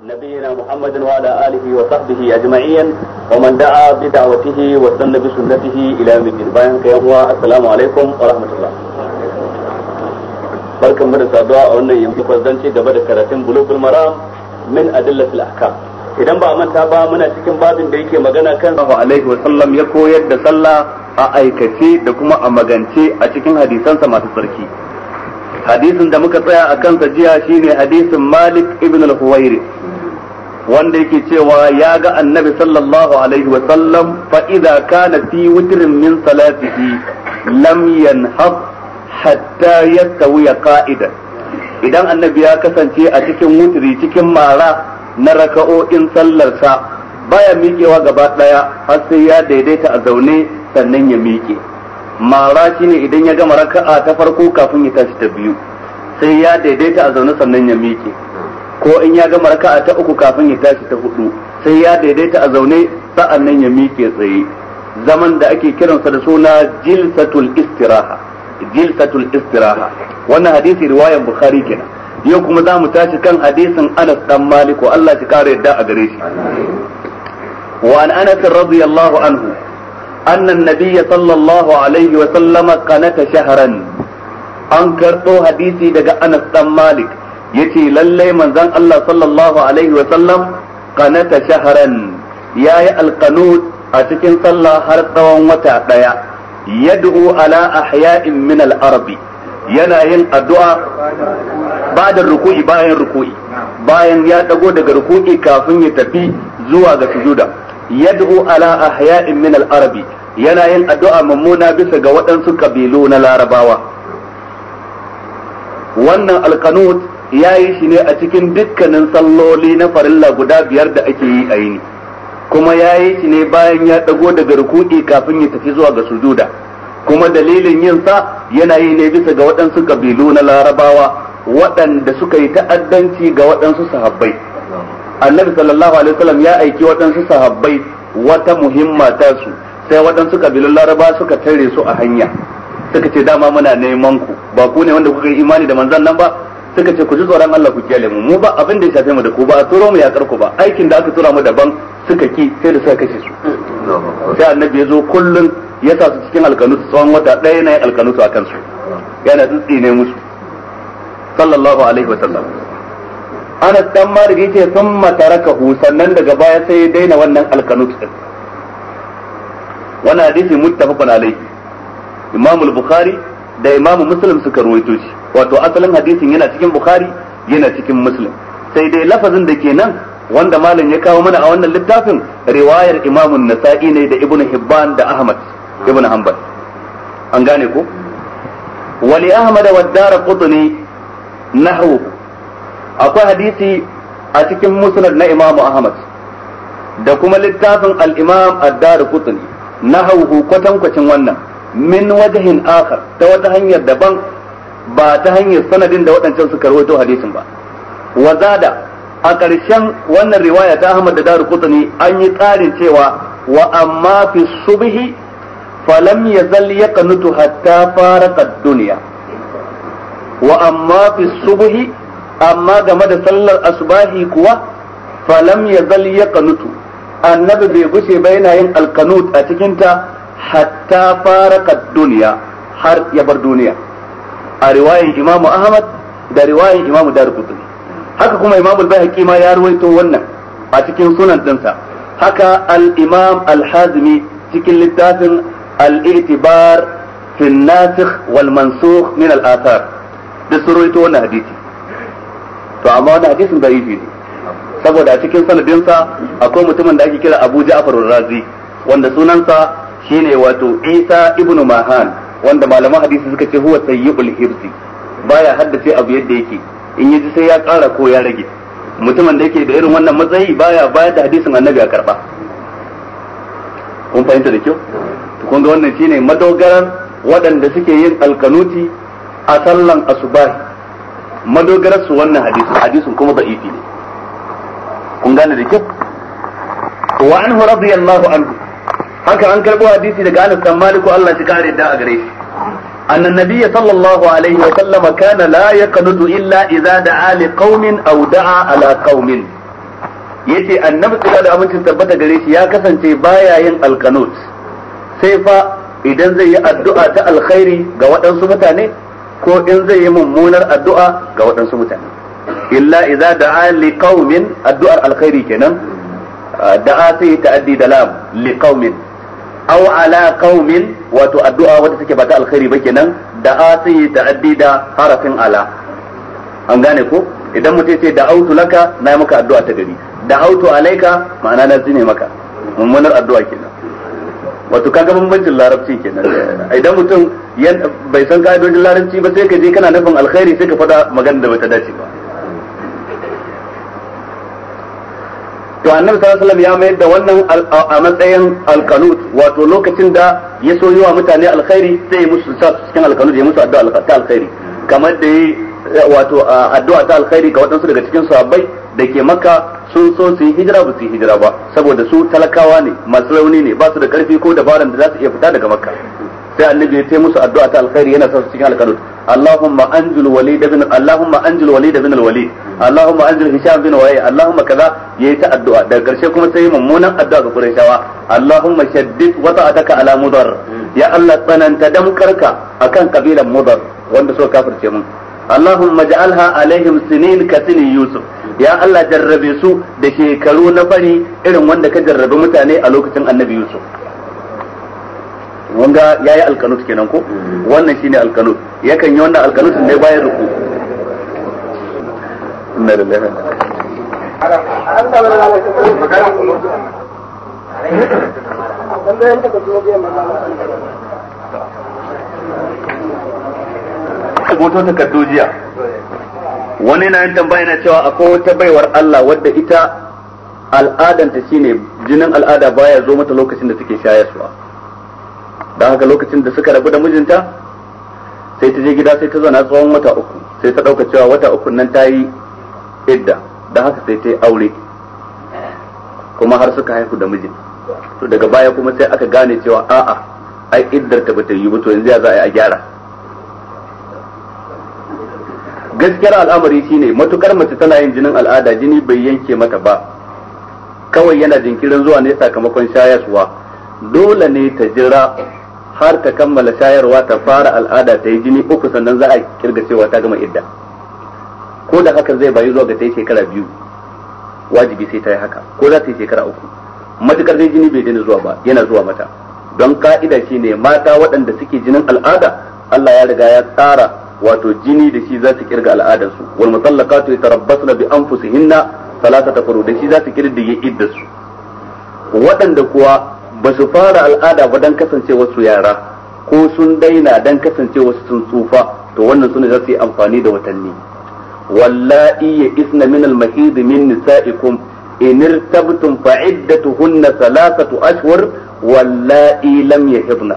نبينا محمد وعلى آله وصحبه أجمعين ومن دعا بدعوته وسن بسنته إلى يوم الدين بيان كيما السلام عليكم ورحمة الله barkan mu da saduwa a wannan yanzu kwazanci gaba da karatun bulugul maram min adillatil ahkam idan ba manta ba muna cikin babin da yake magana kan sallallahu alaihi wa sallam ya koyar da sallah a aikace da kuma a magance a cikin hadisansa masu tsarki hadisin da muka tsaya a kansa jiya shine hadisin Malik ibn al-Huwairi wanda yake cewa ya ga annabi sallallahu alaihi wasallam fa idza kana fi witrin min salatihi lam yanhaf hatta yastawiya qa'ida idan annabi ya kasance a cikin wutri cikin mara na raka'o'in sallarsa baya miƙewa gaba ɗaya har sai ya daidaita a zaune sannan ya miƙe mara shine idan ya gama raka'a ta farko kafin ya tashi ta biyu sai ya daidaita a zaune sannan ya miƙe ko in ya gama raka'a ta uku kafin ya tashi ta hudu sai ya daidaita a zaune sa'an ya miƙe tsaye zaman da ake kiransa da suna jilsatul istiraha jilsatul istiraha wannan hadisi riwayan bukhari kenan yau kuma za mu tashi kan hadisin anas dan maliku Allah ya kare yadda a gare shi wa an anas radiyallahu anhu sallallahu النبي wa sallama عليه shahran an شهرا hadisi daga anas dan Malik. yace lallai manzon Allah sallallahu alaihi wa sallam qanata shahran yayi alqanut a cikin sallah har tsawon wata daya yad'u ala ahya'in min al-arab yana yin addu'a bada ruku'i bayan ruku'i bayan ya dago daga ruku'i kafin ya tafi zuwa ga sujuda yad'u ala ahya'in min al-arab yana yin addu'a mummuna bisa ga waɗansu kabilu na larabawa wannan alqanut ya yi shi ne a cikin dukkanin salloli na farilla guda biyar da ake yi a yini kuma ya yi shi ne bayan ya ɗago daga ruku'i kafin ya tafi zuwa ga sujuda kuma dalilin yin sa yana yi ne bisa ga waɗansu kabilu na larabawa waɗanda suka yi ta'addanci ga waɗansu sahabbai annabi sallallahu alaihi wasallam ya aiki waɗansu sahabbai wata muhimma ta su sai waɗansu kabilun laraba suka tare su a hanya suka ce dama muna neman ku ba ku ne wanda kuka yi imani da manzon nan ba suka ce ku ji tsoron Allah ku kiyale mu mu ba abin da ya shafe mu da ku ba a turo mu ya karku ba aikin da aka tura mu daban suka ki sai da suka kashe su sai annabi ya zo kullun ya sa su cikin alkanutu tsawon wata ɗaya na alkanutu akan su yana tsitsi ne musu sallallahu alaihi wa sallam ana dan Malik yace sun hu sannan daga baya sai ya daina wannan alkanutu din wannan hadisi muttafaqun alaihi imamu al-Bukhari da imamu Muslim suka ruwaito shi wato asalin hadisin yana cikin bukhari yana cikin muslim sai dai lafazin da ke nan wanda malam ya kawo mana a wannan littafin riwayar imamun nasa'i ne da ibnu hibban da ahmad ibnu hanbal an gane ko wali ahmad wa dar qutni nahwu akwai hadisi a cikin musnad na imam ahmad da kuma littafin al-imam ad-dar qutni nahwu kwatankwacin wannan min wajhin akhar ta wata hanyar daban ba ta hanyar sanadin da waɗancan suka rawaito hadisin ba wazada a ƙarshen wannan riwaya ta Ahmad da Daru an yi tsarin cewa wa amma fi subhi lam yazal yaqnutu hatta faraqa ad-dunya wa amma fi subhi amma game da sallar asbahi kuwa falam yazal yaqnutu annabi bai gushe ba yana yin alkanut a cikinta hatta faraqa ad-dunya har ya bar duniya a riwayan imamu ahmad da riwayan imamu kutubi haka kuma imamu al ma ya ruwaito wannan a cikin sunan dinsa haka al-imam al hazmi cikin littafin al-i'tibar fi an-nasikh wal mansukh min al-athar da suruwaito wannan hadisi to amma wannan hadisin yi ne saboda a cikin sanadinsa akwai mutumin da ake kira Abu Ja'far al-Razi wanda sunansa shine wato Isa ibnu Mahan wanda malaman hadisi suka ce huwa sayyibul hirsi baya haddace abu yadda yake in yaji sai ya ƙara ko ya rage mutumin da yake da irin wannan matsayi baya bayar da hadisin annabi a karba kun fahimta da kyau to kun ga wannan shine madogaran waɗanda suke yin alkanuti a sallan asubahi madogarar su wannan hadisin hadisin kuma da'ifi ne kun gane da kyau wa anhu radiyallahu anhu haka an karbo hadisi daga Anas dan Malik Allah shi kare da a gare shi أن sallallahu alaihi wa عليه Kana la لا illa idza da'a li qaumin aw da'a ala qaumin yace annabi tsira da amincin tabbata gare shi ya kasance baya yin alqanut sai fa idan zai yi addu'a ta alkhairi ga waɗansu mutane ko in zai yi mummunar addu'a ga waɗansu mutane illa idza da'a li qaumin addu'ar alkhairi kenan da'a sai ta'addi da lam li qaumin aw ala qaumin wato addu'a wanda take ba ta alkhairi ba kenan da a sun yi ta'addi da harafin ala an gane ko idan mutum ce da autu laka na maka addu'a ta gari da autu alaika ma'ana na zine maka mummunar addu'a kenan wato kaga bambancin larabci kenan idan mutum bai san ka'idojin larabci ba sai ka je kana nufin alkhairi sai ka faɗa magana da bata dace ba to annabi sallallahu alaihi wasallam ya mayar da wannan a matsayin alkanut wato lokacin da ya so yi wa mutane alkhairi sai ya musu sa cikin alkanut ya musu addu'a ta alkhairi kamar da yi wato addu'a ta alkhairi ga waɗansu daga cikin sahabbai da ke maka sun so su yi hijira ba su yi hijira ba saboda su talakawa ne masu rauni ne ba su da karfi ko dabaran da za su iya fita daga makka sai annabi ya taimusu addu'a ta alkhairi yana sa cikin alkalut Allahumma anjil walid bin Allahumma anjil walid bin alwalid Allahumma anjil hisham bin waye Allahumma kaza yayi ta addu'a daga karshe kuma sai mummunan addu'a ga Qurayshawa Allahumma shaddid wata'ataka ala mudar ya Allah tsananta damkarka akan kabilan mudar wanda so kafirce mun Allahumma ja'alha alaihim sinin katini yusuf ya Allah jarrabe su da shekaru na bari irin wanda ka jarrabe mutane a lokacin annabi yusuf wanga yayi alkanut kenan ko wannan shine alkanut yakan yi wannan alkanut ne bayan ruku inna lillahi takardu jiya. Wani na yin tambaya na cewa akwai wata baiwar Allah wadda ita al'adanta shine jinin al'ada baya zo mata lokacin da take shayarwa. da haka lokacin da suka rabu da mijinta sai ta je gida sai ta zauna tsawon wata uku sai ta ɗauka cewa wata uku nan ta yi idda da haka sai ta yi aure kuma har suka haihu da mijin to daga baya kuma sai aka gane cewa a'a ai iddar ta bata yi ba to yanzu ya za a yi a gyara gaskiyar al'amari shine matukar mace tana yin jinin al'ada jini bai yanke mata ba kawai yana jinkirin zuwa ne sakamakon shayaswa dole ne ta jira har ta kammala shayarwa ta fara al'ada ta yi jini uku sannan za a kirga cewa ta gama idda ko da haka zai bayu zuwa ga ta yi shekara biyu wajibi sai ta yi haka ko za ta yi shekara uku matukar dai jini bai daina zuwa ba yana zuwa mata don ka'ida shi ne mata waɗanda suke jinin al'ada Allah ya riga ya tsara wato jini da shi za su kirga al'adarsu ya mutallaqatu yatarabbasna bi anfusihinna salasata furu da shi za su kirga kirdige su waɗanda kuwa ba su fara al'ada ba dan kasance wasu yara ko sun daina dan kasance wasu sun tsufa to wannan sune za su yi amfani da watanni wallahi ya isna min al-mahid min nisa'ikum in irtabtum fa iddatuhunna thalathatu ashhur wallahi lam yahidna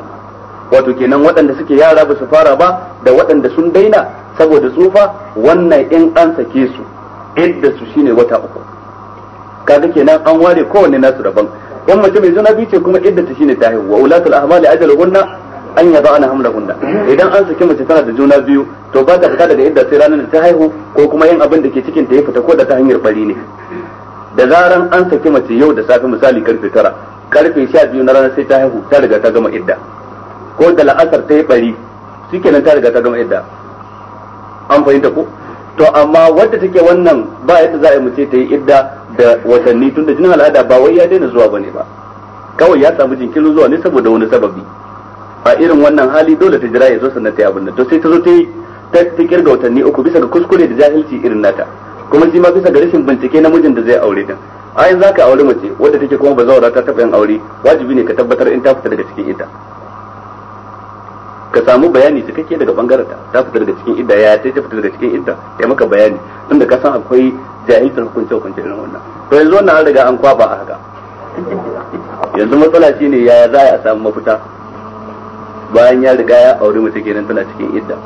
wato kenan waɗanda suke yara ba su fara ba da waɗanda sun daina saboda tsufa wannan in an sake su idda su shine wata uku kaga kenan an ware kowanne nasu daban in mace mai juna biyu ce kuma iddata shine ta haihu ulatul ahmali ajaluhunna an yaba ana hunna idan an saki mace tana da juna biyu to ba ta fita daga idda sai ranar da ta haihu ko kuma yin abin da ke cikin ta ya fita ko da ta hanyar bari ne da zaran an saki mace yau da safe misali karfe tara karfe sha biyu na rana sai ta haihu ta riga ta gama idda ko da la'asar ta yi bari shikenan ta riga ta gama idda an fahimta ko to amma wadda take wannan ba yadda za a yi mace ta yi idda da watanni tun da jinin al'ada ba wai ya daina zuwa bane ba kawai ya samu jinkirin zuwa ne saboda wani sababi a irin wannan hali dole ta jira ya zo sannan ta yi abin da to sai ta zo ta yi kirga watanni uku bisa ga kuskure da jahilci irin nata kuma shi ma bisa ga rashin bincike namijin da zai aure din a yanzu za ka aure mace wadda take kuma zaura ta taɓa yin aure wajibi ne ka tabbatar in ta fita daga cikin ita ka samu bayani kake daga bangaren ta ta fita daga cikin idda ya ta ta fita daga cikin idda ya maka bayani tunda ka san akwai jahilcin hukunce hukunce irin wannan to yanzu wannan an riga an kwaba a haka yanzu matsala shine yaya za a samu mafita bayan ya riga ya aure mace kenan tana cikin idda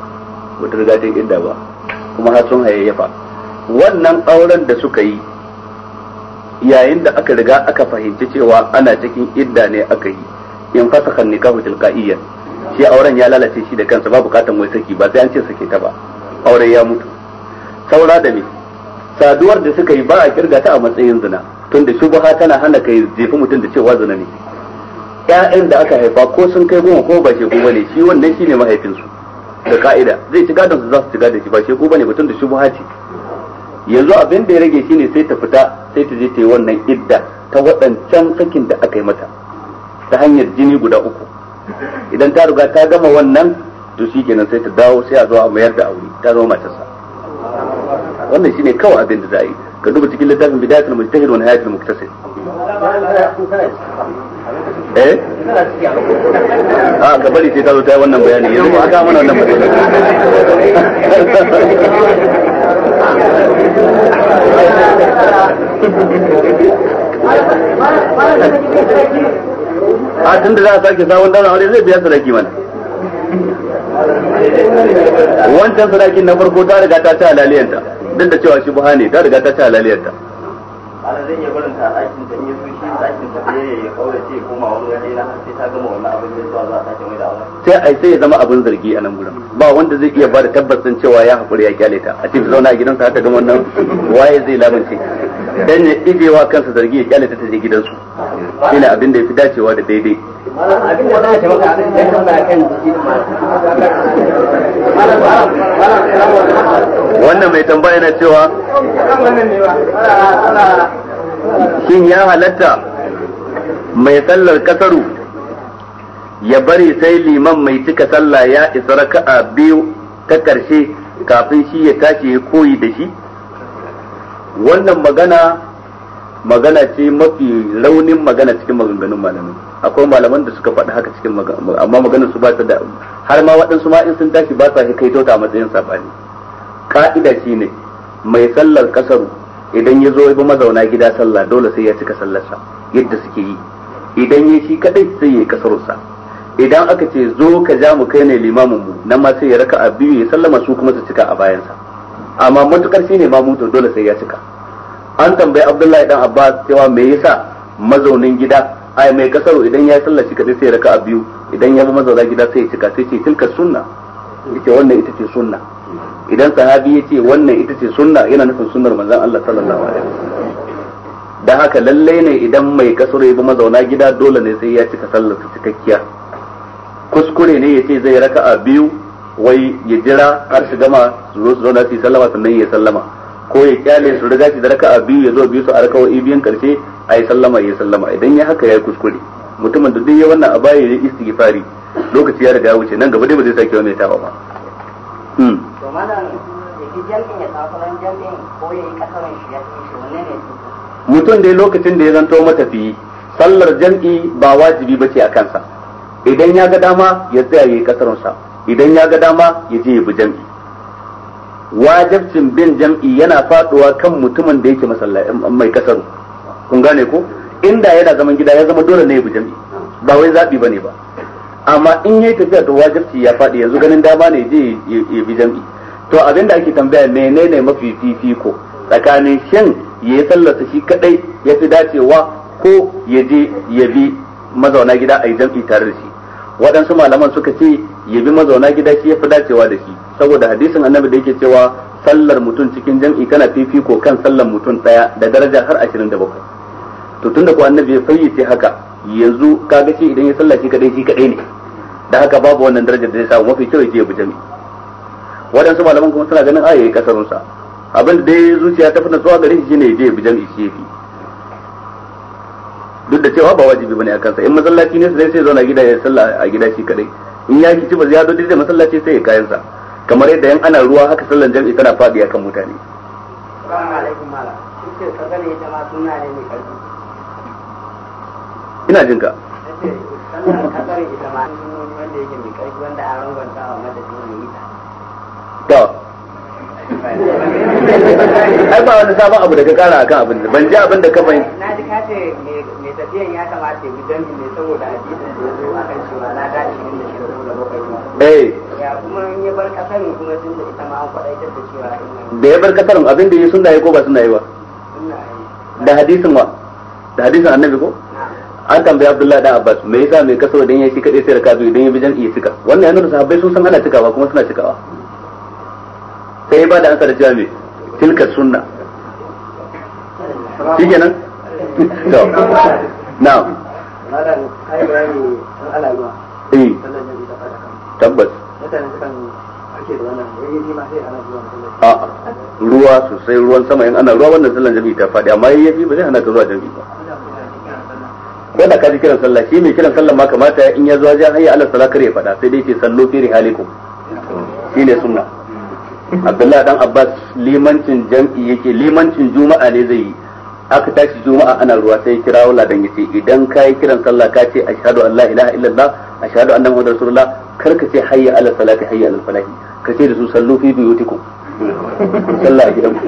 wata riga ta idda ba kuma har sun hayayyafa wannan auren da suka yi yayin da aka riga aka fahimci cewa ana cikin idda ne aka yi in fasaka nikahu tilqa'iyyan shi auren ya lalace shi da kansa ba bukatan wai saki ba sai an ce sake ta ba auren ya mutu saura da me saduwar da suka yi ba a kirga ta a matsayin zina tunda shubha tana hana kai jefi mutum da cewa zina ne ƴaƴan da aka haifa ko sun kai goma ko ba shegu bane shi wannan shine mahaifinsu da ka'ida zai ci gadon su za su ci gadon shi ba shegu bane mutum da shubha ce yanzu abin da ya rage shine sai ta fita sai ta je ta yi wannan idda ta waɗancan sakin da aka yi mata ta hanyar jini guda uku idan ta riga ta gama wannan to shi kenan sai ta dawo sai a zo a mayar da aure ta zama sa wannan shine kawai abin da za a yi ka duba cikin littafin bidayatul mujtahid wa nihayatul muktasib eh a ka bari sai ta zo ta yi wannan bayani yanzu ba ga mana wannan bayani a tun da za a sake sabon dana aure zai biya sadaki mana wancan sadakin na farko ta riga ta ci halaliyanta duk da cewa shi buha ne ta riga ta ci halaliyanta ana zan iya barin aikin ta in yaso shi aikin ta ya ya kaura ce koma wani yi na har sai ta gama wannan abin da zuwa mai da aure sai ya zama abin zargi a nan gurin ba wanda zai iya ba da tabbacin cewa ya haƙuri ya kyale ta a cikin zauna a gidansa har ta gama wannan waye zai labance dan ya wa kansa zargi ya kyale ta ta je gidansu ina abin da fi dacewa da daidai abin wannan mai tambaya yana cewa shin ya halatta mai sallar kasaru ya bari sai liman mai cika sallah ya isa raka'a biyu ta ƙarshe kafin shi ya tashi ya koyi da shi wannan magana magana ce mafi raunin magana cikin maganganun malamai akwai malaman da suka faɗi haka cikin amma maganar su ba ta da har ma waɗansu ma in sun tashi ba sa kai tauta a matsayin safani ka'ida shine mai sallar kasar idan ya zo ba mazauna gida sallah dole sai ya cika sallarsa yadda suke yi idan ya shi kadai sai ya kasarsa idan aka ce zo ka ja mu kai ne limamin mu nan ma sai ya raka a biyu ya sallama su kuma su cika a bayansa amma matukar ne ma mutu dole sai ya cika an tambayi abdullahi dan abbas cewa me yasa mazaunin gida ai mai kasar idan ya sallaci kadai sai raka a biyu idan ya mazauna gida sai ya cika sai ce tilka sunna yace wannan ita ce sunna idan sahabi yace wannan ita ce sunna yana nufin sunnar manzon Allah sallallahu alaihi wasallam da haka lalle ne idan mai kasar ya fi mazauna gida dole ne sai ya cika sallar cikakkiya kuskure ne yace zai raka a biyu wai ya jira har su gama su zo su zauna su sallama sannan ya sallama ko ya kyale su riga shi da raka'a biyu ya zo biyu su a raka'o'i biyan karshe a yi sallama ya sallama idan ya haka ya yi kuskure mutumin da duk ya wannan a baya ya yi istighfari lokaci ya riga ya wuce nan gaba dai ba zai sake wani tawa ba hmm to jam'in ya jam'in ko ya yi kasarin shi ya shi wanne ne mutum dai lokacin da ya zanto matafiyi sallar jam'i ba wajibi ba ce a kansa idan ya ga dama ya tsaya ya yi kasarinsa idan ya ga dama ya je ya bi jam'i Wajabcin bin jam'i yana faduwa kan mutumin da yake masallaci mai kasaru kun gane ko inda yana zaman gida ya zama dole ne ya bi jam'i ba wai zabi bane ba amma in yayi tafiya to wajibci ya fadi yanzu ganin dama ne je ya bi jam'i to abin da ake tambaya menene mafi fifiko tsakanin shin yi sallarsa shi kadai ya fi dacewa ko ya je ya bi mazauna gida a yi jam'i tare da shi waɗansu malaman suka ce ya bi mazauna gida shi ya fi dacewa da shi saboda hadisin annabi da yake cewa sallar mutum cikin jam'i kana fifiko kan sallar mutum daya da daraja har 27 to tunda ko annabi ya fayyace haka yanzu kaga shi idan ya salla shi kadai shi kadai ne da haka babu wannan darajar da ya samu mafi kyau yake bi jami'i. waɗansu malaman kuma suna ganin ayayi ah, kasarunsa abin da dai zuciya ta fina zuwa gare shi ne ya je bi jami'i shi yafi duk da cewa ba wajibi bane a kansa, in masallaci ne sai sai zauna gida ya sallah a gida shi kadai in ya kici ba ziyado dai masallaci sai ya kayan sa kamar yadda yan ana ruwa haka sallan jami'i tana faɗi akan mutane ina jin ka ai ba wani sabon abu da ka kara akan abin ban ji abin da ka bai na ji ka ce mai tafiyan ya kamata ya bi jami'i ne saboda hadisin da ya zo akan cewa na da 26 da bakwai 7 da ya bar kasarin abin da ya sunna yi ko ba da yi ba da hadisin wa da hadisin annabi ko an tambayi abdullahi dan abbas me yasa mai kasar ya kadai sai raka biyu idan ya jan iya cika wannan ya nuna sahabbai sun san ana cikawa kuma suna cikawa sai ba da ansa da tilka sunna shikenan to eh tabbas a ruwa sosai ruwan sama yin ana ruwa wannan sallan jami'i ta faɗi amma yafi ba zai hana ka zuwa jami'i ba ko da ka kiran sallah shi mai kiran sallah ma kamata in ya zuwa jan hayya Allah sallah kare ya faɗa sai dai ke sallo fi rihalikum ne sunna Abdullahi dan Abbas limancin jam'i yake limancin juma'a ne zai yi aka tashi juma'a ana ruwa sai ya kirawo ladan yace idan ka yi kiran sallah ka ce ashhadu an la ilaha illallah ashhadu anna muhammadar rasulullah kar ka ce hayya ala salati hayya ala falahi ka ce da su sallu fi buyutikum sallah a gidanku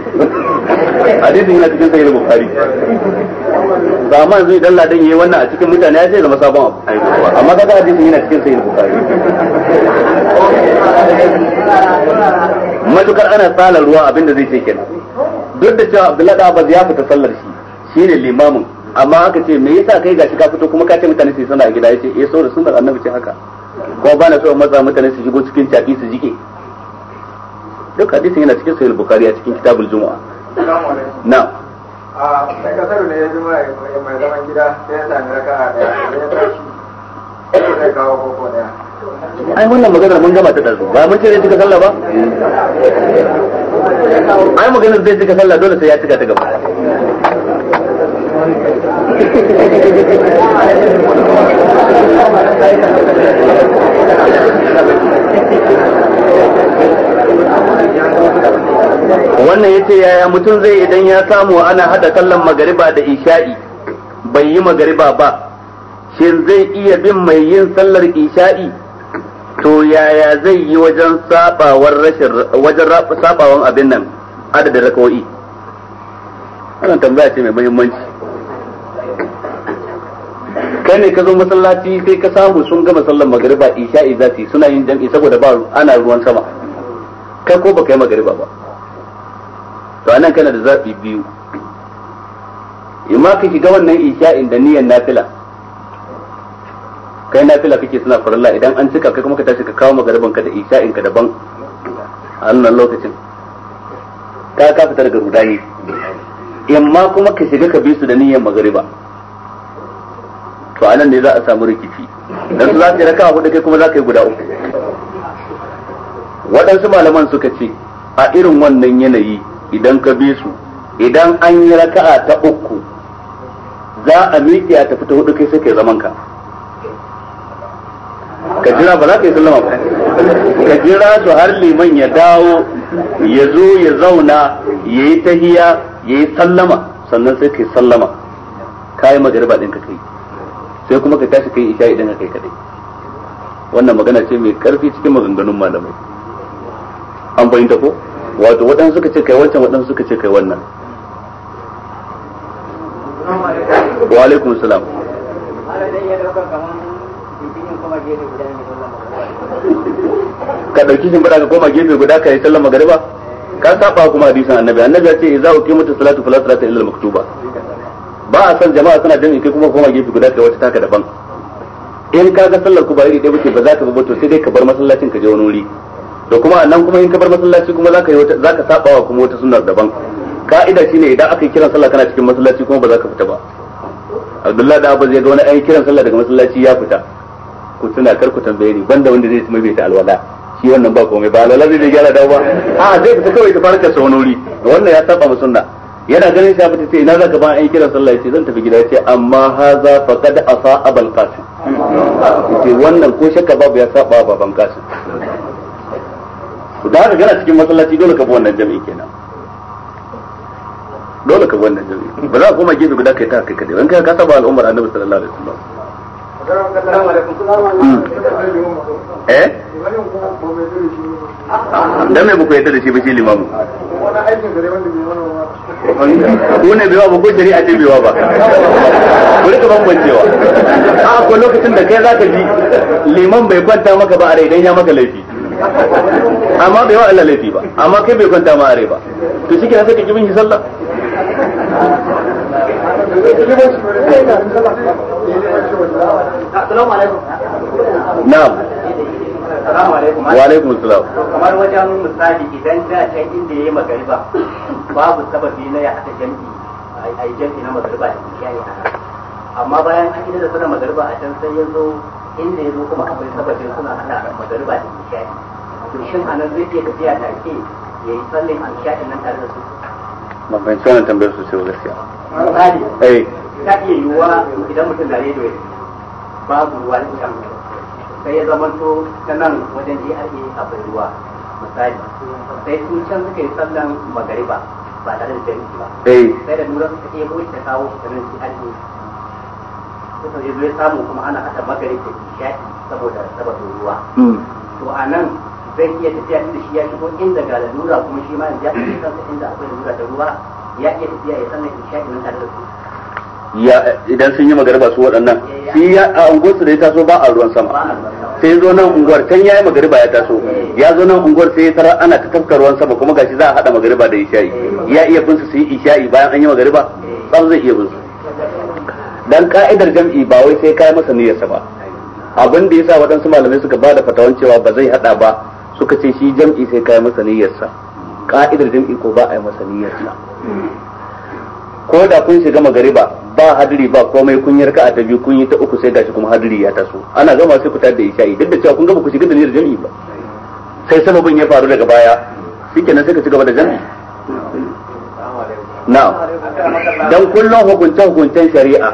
hadisin yana cikin sahih bukhari ba ma yanzu idan ladan yayi wannan a cikin mutane ya ce zama sabon abu amma kaga hadisin yana cikin sahih bukhari matukar ana tsala ruwa abinda zai ce kenan duk da cewa Abdullahi da Abbas ya fita sallar shi shine limamin amma aka ce me yasa kai gashi ka fito kuma ka ce mutane su sana a gida yace eh saboda sunan annabi ce haka kuma bana so matsa mutane su shigo cikin taki su jike duk hadisin yana cikin sahih bukhari a cikin kitabul jumu'a na'am a sai ka ne ya zama mai zaman gida sai ya sami raka'a daya ya tashi sai kawo koko daya ai wannan magana mun gama ta dazu ba mun ce ne cika sallah ba ai magana zai cika sallah dole sai ya cika ta gaba wannan yace yaya mutum zai idan ya samu ana hada sallar magariba da isha'i bai yi magariba ba shin zai iya bin mai yin sallar isha'i to yaya zai yi wajen sabawar rashin wajen sabawan abin nan adadin rakawai wannan tambaya ce mai muhimmanci kai ne ka zo masallaci sai ka samu sun gama sallar magariba isha'i zati suna yin jam'i saboda ba ana ruwan sama kai ko baka yi magariba ba to anan kana da zafi biyu imma ka shiga wannan isha'in da niyyar nafila kai na fila kake suna farilla idan an cika kai kuma ka tashi ka kawo magariban ka da isha'in ka daban a wannan lokacin ka ka fita daga rudani amma kuma ka shiga ka bi su da niyyar magariba to anan ne za a samu rikici dan su za su raka hudu kai kuma za ka yi guda uku waɗansu malaman suka ce a irin wannan yanayi idan ka bi su idan an yi raka'a ta uku za a miƙe a tafi ta hudu kai sai ka zaman ka ka jira ba za ka yi sallama ba ka jira su har liman ya dawo ya zo ya zauna ya yi tahiya ya yi sallama sannan sai ka yi sallama ka yi magariba ɗin ka kai sai kuma ka tashi kai isha idan ka kai kadai wannan magana ce mai karfi cikin maganganun malamai an fahimta ko wato waɗansu suka ce kai wancan waɗansu suka ce kai wannan wa alaikum salam ka dauki shin ka koma gefe guda ka yi sallar magariba ka saba kuma hadisin annabi annabi ya ce idza uqimat salatu fala salata illa maktuba ba a san jama'a suna jami'i kai kuma koma gefe guda kai wata taka daban in ka ga sallar ku ba iri ɗaya bace ba za ka ba to sai dai ka bar masallacin ka je wani wuri to kuma nan kuma in ka bar masallaci kuma ka yi wata ka saba wa kuma wata sunnar daban ka'ida shine idan aka yi kiran sallah kana cikin masallaci kuma ba za ka fita ba Abdullahi da abu zai ga wani ayi kiran sallah daga masallaci ya fita ku tuna kar ku tambaye ni banda wanda zai mai ta alwala shi wannan ba komai ba lalle zai gyara dawo ba a zai fita kawai ta farka sa wani wannan ya saba sunna yana ganin shi abin ce na zaka ba an kira sallah sai zan tafi gida sai amma haza faqad asa abul qasim sai wannan ko shakka babu ya saba baban qasim da haka gana cikin masallaci dole ka bi wannan jami'i kenan dole ka bi wannan jami'i ba za ka koma gefe guda kai ta kai kadai wani kai ka saba al'ummar annabi sallallahu alaihi wasallam Hmm. eh dan me muku yadda da shi ba shi limamu ku ne bewa ba ku a ce bewa ba ku rika bambancewa a ko lokacin da kai ka ji liman bai kwanta maka ba a rai dan ya maka laifi amma bai wa Allah laifi ba amma kai bai kwanta ma a rai ba to shi kenan sai ka ji bin shi sallah assalamu alaikum na'am assalamu alaikum wa alaikum assalam kamar wajen misali idan da can inda yayi magariba babu sababi na ya jami'i ai jami'i na magariba amma bayan an gida da magariba a can sai inda kuma akwai suna magariba da to shin zai tafiya da ke nan tare da su ban fahimci wannan tambayar sosai gaskiya ta iya yiwuwa idan mutum da rediyo ya babu ruwa na can sai ya zama to ta nan wajen a bai ruwa misali sai sun can suka yi sallan magariba ba tare da jami'i ba eh. sai da nura suka iya kawai ta kawo ta nan GRA suka je zai samu kuma ana hada magariba da shaɗi saboda saboda ruwa hmm. to a nan zai iya tafiya da shi ya shigo inda ga lalura kuma shi ma yanzu ya tafi kansa inda akwai lalura da ruwa ya iya tafiya ya da isha'i nan tare da su idan sun yi magariba su waɗannan shi ya a unguwarsu da ya taso ba a ruwan sama sai zo nan unguwar can ya yi magariba ya taso ya zo nan unguwar sai ya tarar ana tafka ruwan sama kuma gashi za a haɗa magariba da isha'i ya iya bin su su yi isha'i bayan an yi magariba ɗan zai iya bin su dan ka'idar jam'i ba wai sai kai masa niyyarsa ba abin da yasa waɗansu malamai suka ba da fatawan cewa ba zai haɗa ba suka ce shi jam'i sai kai masa niyyarsa ka'idar jam'i ko ba a yi masa niyyarsa ko da kun shiga magariba ba hadiri ba komai kun yi raka'a ta biyu kun yi ta uku sai gashi kuma hadiri ya taso ana gama sai ku tar da isha'i duk da cewa kun gama ku shiga da niyyar jami'i ba sai sababin ya faru daga baya shikenan sai ka shiga da jami'i na'am dan kullum hukuncen hukuncen shari'a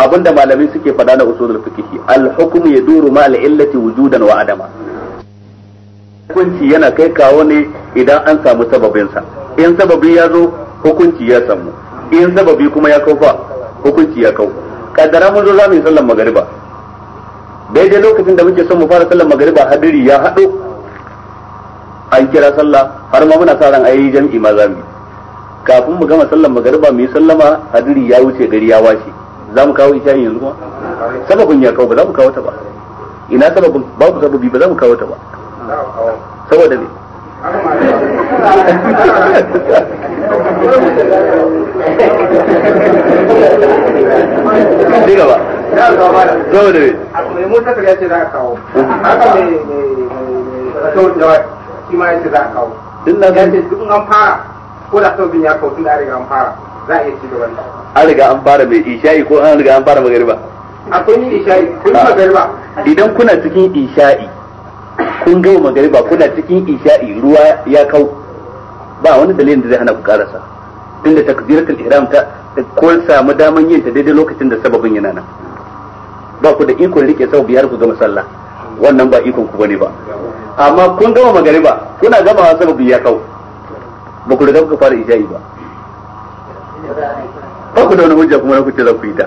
abinda malamin suke faɗa na usulul fiqhi al hukmu yaduru ma al illati wujudan wa adama hukunci yana kai kawo ne idan an samu sababinsa in sababi ya zo hukunci ya samu in sababi kuma ya kau fa hukunci ya kau kaddara mun zo za mu yi sallar magariba daidai lokacin da muke son mu fara sallar magariba hadiri ya haɗo an kira sallah har ma muna sa ran ayi jami'i ma zamu kafin mu gama sallar magariba mu yi sallama hadiri ya wuce gari ya washe za mu kawo isha yanzu ma sababin ya kawo ba za mu kawo ta ba ina sababin babu sababi ba za mu kawo ta ba saboda ne. ba. ya ce za kawo. ne da shi ma ya ce za kawo. duk an fara ko da sau bin ya kawo tun da riga an fara za a iya ci An riga an fara mai isha'i ko an riga an fara magariba? Akwai ni isha'i, kun ah. magariba. Idan kuna cikin isha'i, kun gama magariba kuna cikin isha'i ruwa ya kau ba wani dalilin da zai hana ku karasa tunda takbiratul ihram ta ko samu daman yin ta daidai lokacin da sababin yana nan ba ku da ikon rike sau biyar ku gama sallah wannan ba ikon ku bane ba amma kun gama magariba kuna gamawa sababin ya kau ba ku riga ku fara isha'i ba ba ku da wani hujja kuma na ku ce za ku yi ta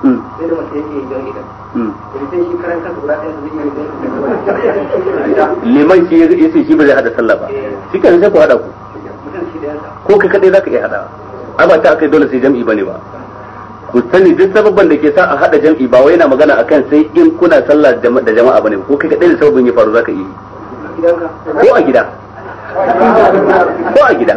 Hmm. Hmm. liman shi ya ce shi ba zai hada sallah ba shi kan sai ku hada ku ko kai kadai zaka iya hada a ba ta akai dole sai jam'i bane ba ku sani duk sababban da ke sa a hada jam'i ba wai yana magana akan sai in kuna sallah da jama'a bane ko kai kadai da sababin ya faru zaka yi ko a gida ko a gida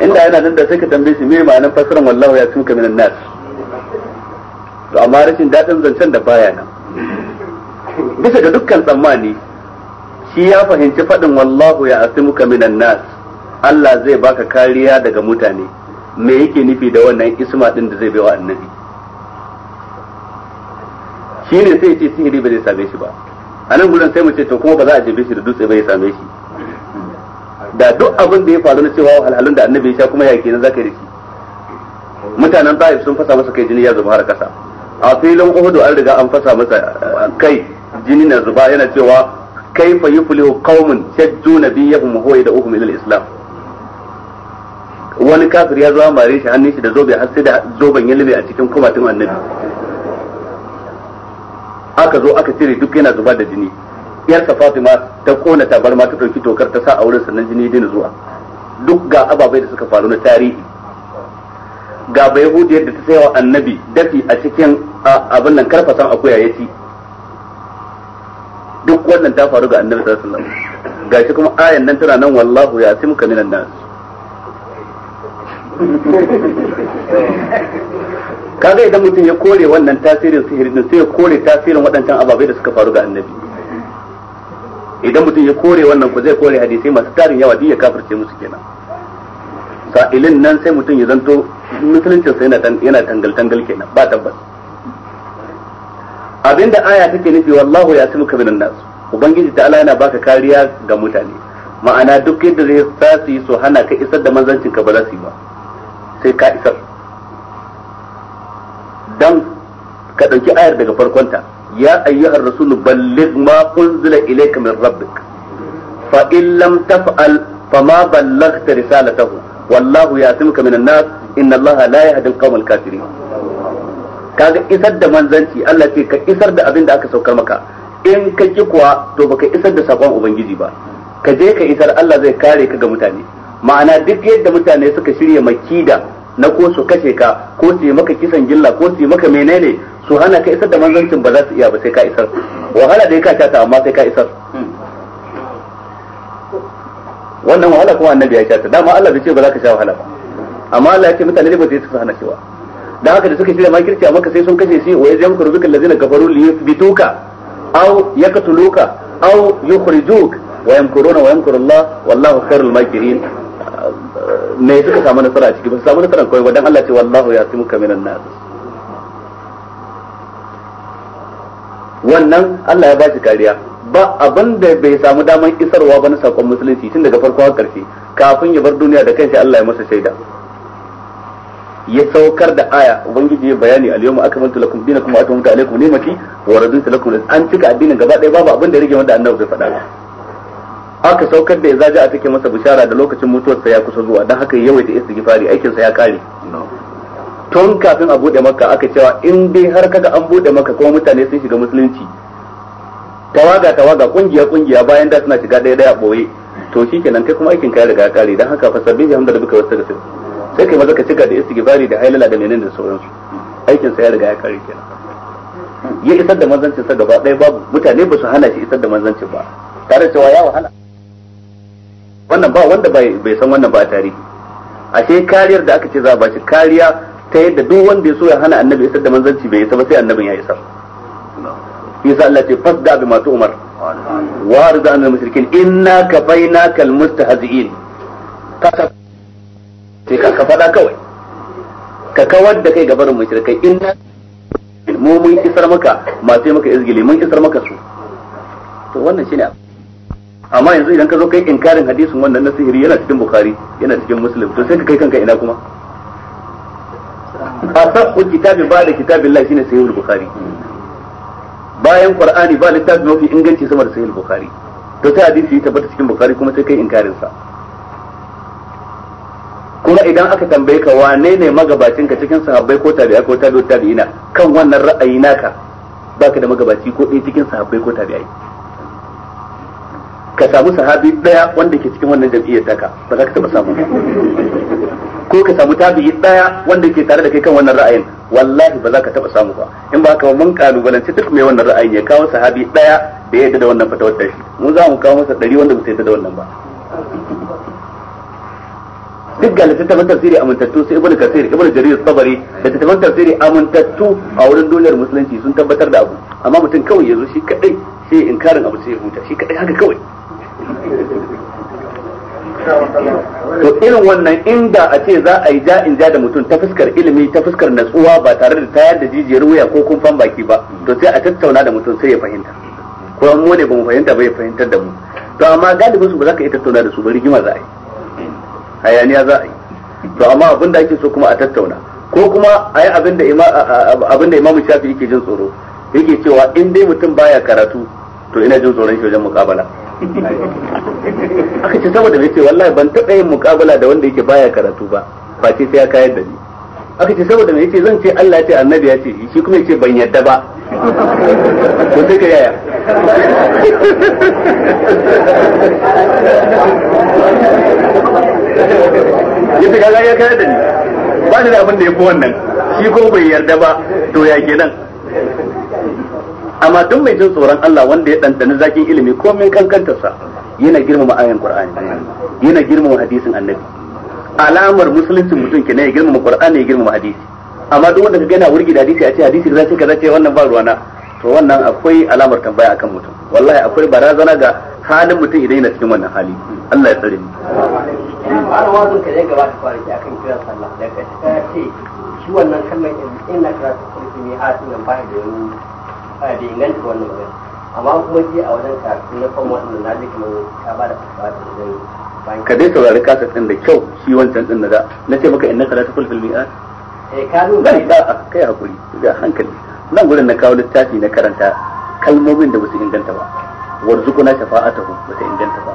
inda yana nan da sai ka tambaye shi me ma'anar fasirin wallahu ya tuka minan nas to amma rashin dadin zancen da baya nan bisa ga dukkan tsammani shi ya fahimci fadin wallahu ya asimuka minan nas Allah zai baka kariya daga mutane me yake nufi da wannan isma din da zai baiwa annabi shi ne sai ce sihiri ba zai same shi ba a nan gudan sai mu ce to kuma ba za a jebe shi da dutse ba ya same shi da duk abin da ya faru na cewa alhalun da annabi ya sha kuma ya kenan zaka yi da mutanen ta'if sun fasa masa kai jini ya zuba har kasa a filin uhudu an riga an fasa masa eh, kai jini na zuba yana cewa kaifa yuflihu qaumun shajju nabiyyahum huwa yad'uhum ila al-islam wani kafir ya zo mare shi hannun shi da zobe har sai da zoben ya lube a cikin kumatun annabi aka zo aka cire duk yana zuba da jini yarsa Fatima ta kona tabarma ta dauki tokar ta sa a wurin sannan jini dina zuwa duk ga ababai da suka faru na tarihi ga bai hudu yadda ta sayawa annabi dafi a cikin abin nan karfasan akuya ya ci duk wannan ta faru ga annabi sallallahu alaihi wasallam gashi kuma ayan nan tana nan wallahu ya ka minan nas kaga idan mutum ya kore wannan tasirin sihirin sai ya kore tasirin waɗancan ababai da suka faru ga annabi idan mutum ya kore wannan ku zai kore hadisai masu tarin yawa duk ya kafirce musu kenan sa'ilin nan sai mutum ya zanto musuluncin sa yana tangal tangal kenan ba tabbas abinda aya take nufi wallahu ya asimuka minan nas ubangiji ta'ala yana baka kariya ga mutane ma'ana duk yadda zai sa su yi so hana ka isar da manzancin ka ba za su yi ba sai ka isar dan ka dauki ayar daga farkonta Ya أيها الرسول بلغ ما أنزل إليك من ربك فإن لم تفعل فما بلغت رسالته والله kaga isar da manzanci Allah ce ka isar da abin da aka saukar maka in ka ki kuwa to baka isar da sakon ubangiji ba ka je ka isar Allah zai kare ka ga mutane ma'ana duk yadda mutane suka shirya makida na ko su kashe ka ko su yi maka kisan gilla ko su yi maka menene su hana ka isar da manzancin ba za su iya ba sai ka isar wahala da ka ta amma sai ka isar wannan wahala kuma annabi ya shata dama Allah bai ce ba za ka sha wahala ba amma Allah ya ce mutane ba zai su hana cewa dan haka da suka shirya makirci a maka sai sun kashe shi wa yazam kurbika allazina kafaru li yuthbituka aw yaqtuluka aw yukhrijuk wa yamkuruna wa yamkuru Allah wallahu khairul makirin me suka samu nasara a ciki ba su samu nasara kawai wadan Allah ce wallahu ya simuka minan nas wannan Allah ya ba shi kariya ba abin da bai samu daman isarwa ba na sakon musulunci tun daga farko har karshe kafin ya bar duniya da kanshi Allah ya masa shaida ya saukar da aya ubangiji ya bayani al-yawma akmaltu lakum dinakum wa atamtu alaykum ni'mati wa raditu lakum an cika addinin gaba daya babu abin da ya rage wanda annabi bai faɗa ba aka saukar da ya zaji a take masa bishara da lokacin mutuwarsa ya kusa zuwa don haka yawaita istighfari sa ya kare tun kafin a bude maka aka cewa in dai har kaga an bude maka kuma mutane sun shiga musulunci tawaga tawaga kungiya kungiya bayan da suna shiga daya daya boye to shikenan kai kuma aikin ka riga ya kare don haka fasabbi bi hamdallah bika wasu gasir sai kai maza ka cika da istighfari da hailala da menene da sauransu aikinsa ya riga ya kare kenan ya isar da manzancin sa gaba daya babu mutane ba su hana shi isar da manzancin ba tare da cewa ya wahala wannan ba wanda bai san wannan ba a tarihi ashe kariyar da aka ce za a bashi kariya ta yadda duk wanda ya so ya hana annabi isar da manzanci bai isa ba sai annabin ya isa. Yasa Allah ce fasda bi masu umar wa rida anil mushrikin inna kafainaka al mustahzi'in ka ta sai ka ka fada kawai ka kawar da kai gabarin mushrikai inna mu mun isar maka masu maka izgili mun isar maka su to wannan shine amma yanzu idan ka zo kai inkarin hadisin wannan na sihiri yana cikin bukhari yana cikin muslim to sai ka kai kanka ina kuma asaqu kitabi ba da lafi shine sahihul bukhari bayan qur'ani ba littafin mafi inganci sama da sahihul bukhari to sai hadisi ya tabbata cikin bukhari kuma sai kai inkarin sa kuma idan aka tambaye ka wane ne magabacin ka cikin sahabbai ko tabi'ai ko tabi'ut tabi'ina kan wannan ra'ayi naka baka da magabaci ko ɗaya cikin sahabbai ko tabi'ai ka samu sahabi daya wanda ke cikin wannan jam'iyyar daka ba za ka taba samu ko ka samu tabi'i daya wanda ke tare da kai kan wannan ra'ayin wallahi ba za ka taba samu ba in ba ka mun kalubalanci duk mai wannan ra'ayin ya kawo sahabi daya da ya yadda da wannan fatawar tashi mu za mu kawo masa dari wanda ba su da wannan ba duk ga littattafan tafsiri amintattu sai ibnu kasir ibnu jarir tabari da littattafan tafsiri amintattu a wurin duniyar musulunci sun tabbatar da abu amma mutum kawai ya zo shi kadai sai inkarin abu sai ya huta shi kadai haka kawai to irin wannan inda a ce za a yi ja in ja da mutum ta fuskar ilimi ta fuskar natsuwa ba tare da tayar da jijiyar wuya ko kumfan baki ba to sai a tattauna da mutum sai ya fahimta ko mu ne ba mu fahimta ba ya fahimtar da mu to amma galibin su ba za ka iya tattauna da su ba rigima za a yi hayaniya za a yi to amma abin da ake so kuma a tattauna ko kuma a yi abin da abin da imamu shafi yake jin tsoro yake cewa in dai mutum baya karatu to ina jin tsoron shi wajen muƙabala aka ce saboda mai ce wallahi ban taɓa yin mukabala da wanda yake baya karatu ba face sai ya kayar da ni aka ce saboda mai ce zan ce Allah ya ce annabi ya ce shi kuma ya ce ban yadda ba ko sai ka yaya yadda kaga ya kayar da ni ba ni da abin da ya fi wannan shi ko bai yarda ba to ya nan amma duk mai jin tsoron Allah wanda ya ɗanɗani zakin ilimi komai kankantarsa yana girmama ayan Qur'ani yana girmama hadisin Annabi alamar musulunci mutum kenan ya girmama Qur'ani ya girmama hadisi amma duk wanda ka gana wurgi da hadisi a ce hadisi zai ka kaza ce wannan ba ruwana to wannan akwai alamar tambaya akan mutum wallahi akwai barazana ga halin mutum idan yana cikin wannan hali Allah ya tsare mu wazin ka zai gabata kwanaki akan kiran sallah da ka ce shi wannan kalmar ina karatu kulli mi'atin nan ba da a ka dai saurari kasa din da kyau shi wancan din da na ce maka innaka la taqul mi'at eh ka zo ba da kai hakuri da hankali nan gurin na kawo littafi na karanta kalmomin da basu inganta ba warzuquna shafa'atahu bata inganta ba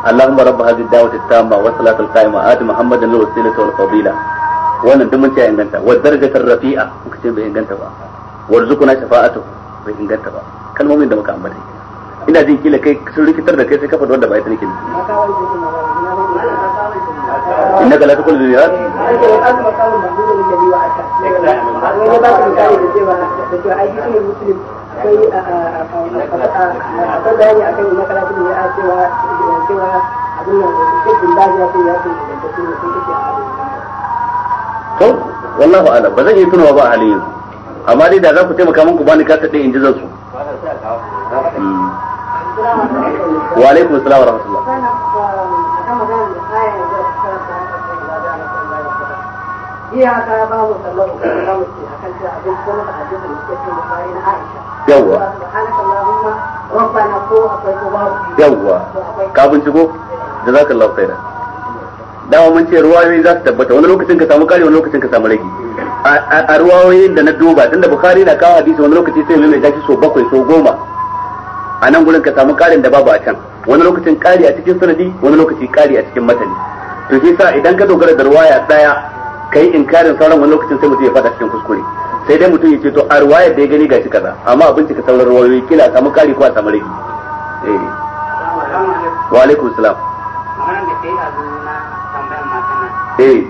اللهم رب هذه الدعوة التامة والصلاة القائمة آت محمدا الوسيلة والفضيلة wannan duk mun ce inganta wa ta rafi'a kuka ce bai inganta ba warzuquna shafa'atu bai inganta ba kalmomin da muka ambata ina jin kila kai sun rikitar da kai sai kafa wanda bai tsanke inna kala ta kullu zuriyat to wallahu ala ba zan yi tunawa ba a halin yanzu amma dai da za ku taimaka min ku bani kasa ɗin in ji zan su wa alaikum assalam wa rahmatullah yawwa yawwa ka binciko jazakallahu Da dama mun ce ruwa yi za su tabbata wani lokacin ka samu kare wani lokacin ka samu rage a ruwayoyin da na duba tunda bukhari na kawo hadisi wani lokaci sai mai tashi so bakwai so goma a nan gurin ka samu karin da babu a can wani lokacin kari a cikin sanadi wani lokaci kari a cikin matani to shi sa idan ka dogara da ruwaya daya kai inkarin sauran wani lokacin sai mutum ya fada cikin kuskure sai dai mutum ya ce to a ruwayar da ya gani gashi kaza amma a bincika sauran ruwayoyi kila a samu kari ko a samu rage eh. wa alaikum salam eh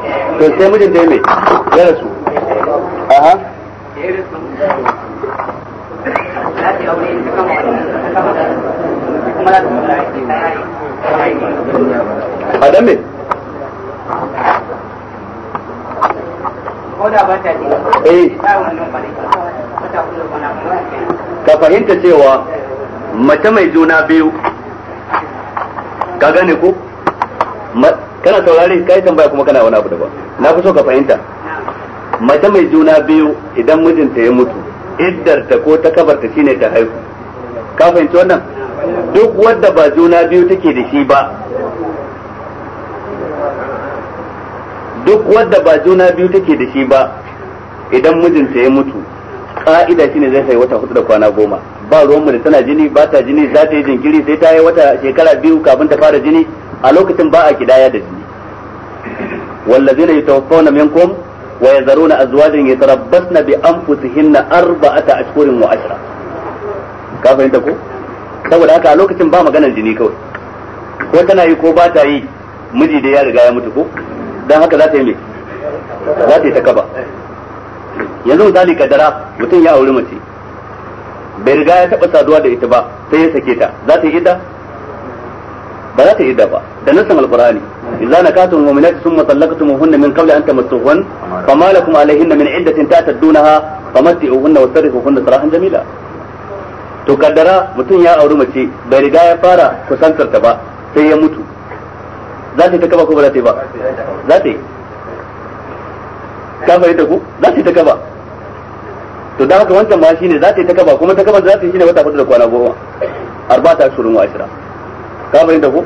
to sai mijin da ya mai ya rasu aha a eh. ka fahimta cewa mace mai juna biyu ka gane ko kana ka yi tambaya kuma kana wani abu daban na fi so ka fahimta mace mai juna biyu idan mijinta ya mutu ta ko ta kabarta shine ta haihu ka fahimci wannan duk wadda ba juna biyu take da shi ba duk wadda ba juna biyu take da shi ba idan mijinta ya mutu ka'ida shine zai sai wata hudu da kwana goma ba ruwan da tana jini ba ta jini za ta yi jinkiri sai ta yi wata shekara biyu kafin ta fara jini a lokacin ba a kidaya da jini wallazina yatawaffawna minkum wa yazaruna azwajan yatarabbasna bi anfusihinna arba'ata ashhurin wa ashra ka fahimta ko saboda haka a lokacin ba maganar jini kawai ko tana yi ko ba ta yi miji da ya riga ya mutu ko dan haka za ta yi me za ta yi ta kaba yanzu misali kadara mutum ya auri mace bai riga ya taba saduwa da ita ba sai ya sake ta za ta yi idda ba za ta yi da ba da nassan alqur'ani idza nakatum mu'minat thumma talaqtumuhunna min qabli an tamassuhun fama lakum alayhinna min iddatin ta'tadunaha famatti'uhunna wasarrihuhunna sarahan jamila to kaddara mutum ya auri mace bai riga ya fara kusantar ta ba sai ya mutu za ta kaba ko ba za ta yi ba za ta kaba. ka fahimta ku za ta yi ta kaba to da haka wancan ma shine za ta yi ta kaba kuma ta kaba za ta yi shine wata hudu da kwana goma arba'ata ashurun wa ashira ka bai da ku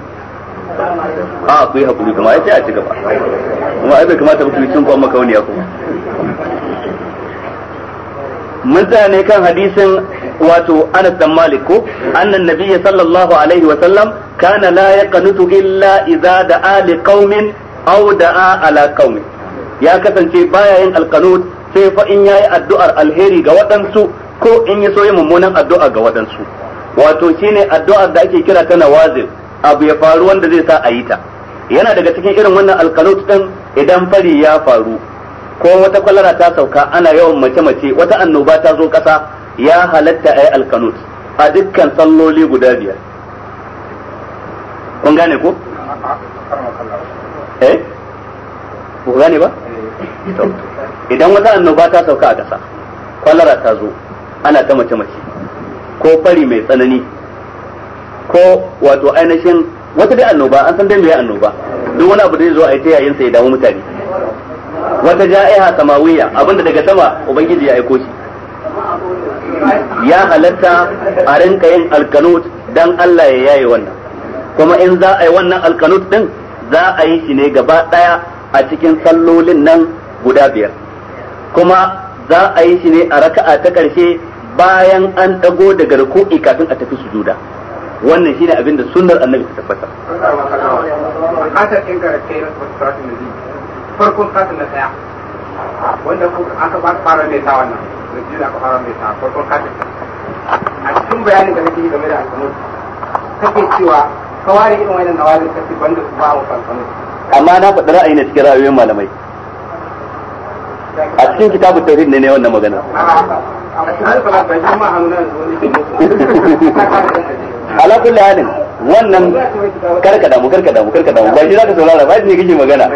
a ku yi hakuri kuma ai sai a ci gaba kuma ai bai kamata ba ku yi cin kwan makauniya kuma mun tsaya ne kan hadisin wato Anas dan Malik ko annan nabiyyi sallallahu alaihi wa sallam kana la yaqnutu illa idza da'a li qaumin aw da'a ala qaumin ya kasance baya yin alqanut sai fa in yayi addu'ar alheri ga waɗansu ko in yi so yin mummunan addu'a ga waɗansu wato shine addu'ar da ake kira ta nawazil abu ya faru wanda zai sa a yi ta yana daga cikin irin wannan alqanut din idan fari ya faru ko wata kwalara ta sauka ana yawan mace-mace wata annoba ta zo kasa ya halatta ayi alqanut a dukkan salloli guda biyar kun gane ko eh ku gane ba eh. idan wata annoba ta sauka a kasa kwalara ta zo ana ta mace-mace ko fari mai tsanani ko wato ainihin wata dai annoba an san dai mai annoba duk wani abu da zai zo a yi ta yayin sa ya damu mutane wata ja'iha samawiya abinda daga sama ubangiji ya aiko shi ya halatta a rinka yin alkanut dan Allah ya yaye wannan kuma in za a yi wannan alkanut din za a yi shi ne gaba daya a cikin sallolin nan guda biyar kuma za a yi shi ne a raka'a ta karshe bayan an dago daga ruku'i kafin a tafi sujuda wannan shine abin da sunnar annabi ta tabbata farkon katin na saya wanda aka ba fara mai sa wannan da jini aka fara mai sa farkon katin a cikin bayanin da nake yi game da alkanu kake cewa kawai irin wannan nawalin kake banda su ba mu alkanu amma na faɗi ra'ayi ne cikin ra'ayoyin malamai a cikin kitabu tauhid ne ne wannan magana ala kulli halin wannan karkada mu karkada mu karkada mu ba shi zaka saurara ba shi kike magana